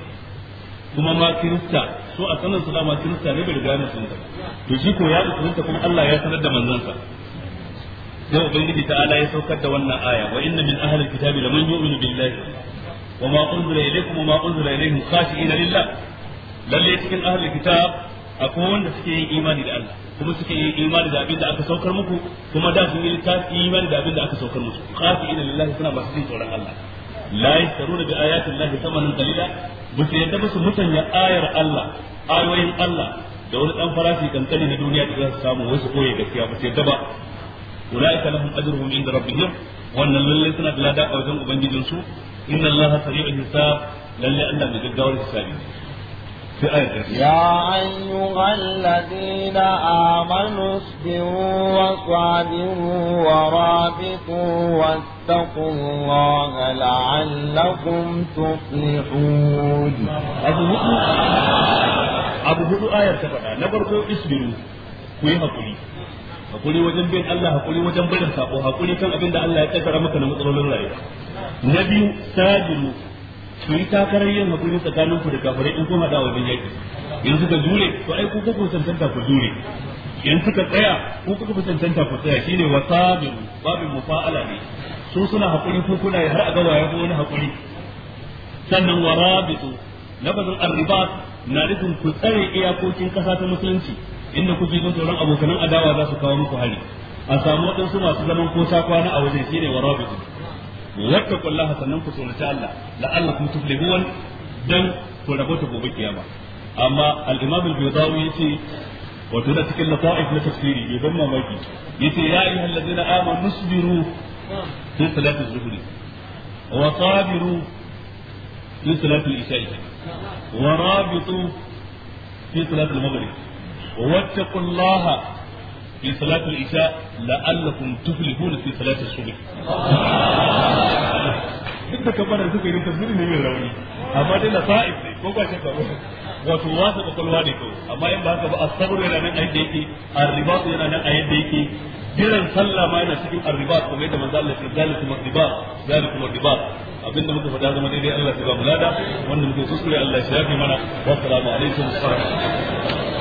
kuma ma kirista so a sanin su a kirista ne bai riga musulunta to shi ko ya musulunta kuma Allah ya sanar da manzon sai ubangiji ta'ala ya saukar da wannan aya wa inna min ahli alkitabi laman yu'minu billahi wa ma unzila ilaykum wa ma unzila ilayhim khashi'ina lillah lalle cikin ahli alkitab akwai wanda suke yin imani da Allah kuma suke yin imani da abin da aka saukar muku kuma da sun yi imani da abin da aka saukar musu khashi'ina lillah suna masu jin tsoron Allah la yastaruna bi ayati llahi thamanan qalila ba su yadda su ya ayar Allah ayoyin Allah da wani dan farashi kankani na duniya da za su samu wasu koyi gaskiya ba su yadda ba ulaika lahum ajruhum inda rabbihim wannan lalle suna da lada a wajen ubangijin su inna allaha sari'ul hisab lalle Allah mai gaggawar hisabi يا أيها الذين آمنوا اصبروا وصابروا ورابطوا واتقوا الله لعلكم تفلحون أبو هدو آية تفعل نبركوا اصبروا ويهقلي hakuri wajen bin Allah hakuri wajen barin sako hakuri kan abin da Allah ya kaddara maka na matsalolin rayuwa na biyu sajiru su yi takarar yin hakuri tsakanin ku da kafare in kuma da wajen yaki in suka jure to ai ku ku ku tantanta ku jure in suka tsaya ku ku ku tantanta ku tsaya shine wasabiru babin mufa'ala ne su suna hakuri ku kuna har a ga waye wani hakuri sannan warabitu lafazin arribat na rufin ku tsare iyakokin kasa ta musulunci inda kuke jin tsoron abokanan adawa za su kawo muku hari a samu waɗansu masu zaman ko ta kwana a wajen shine wa rabitu Wata Allah sannan ku tsoraci Allah Allah la'allakum tuflihun dan ku rabota gobe kiyama amma al-imam al-baydawi yace wato da cikin lafa'if na tafsiri bai ban mamaki yace ya ayyuha allazina amanu sabiru fi salati zuhri wa sabiru fi salati al-isha'i wa rabitu fi salati al-maghrib واتقوا الله في صلاة العشاء لعلكم تفلحون في صلاة الصبح duk da suka yi tafsiri ne mai rauni amma dai lasa'ib ne ko ba shakka ba wato wasa kwakwalwa ne kawai amma in ba haka ba asabar yana nan a yadda yake arribatu yana nan a yadda yake jiran sallah ma yana cikin arribat kuma yadda manzo Allah ya zalika mardibat zalika mardibat abinda muka faɗa zama daidai Allah ya ba mu lada wanda muke kuskure Allah ya shafe mana wa assalamu alaikum wa rahmatullahi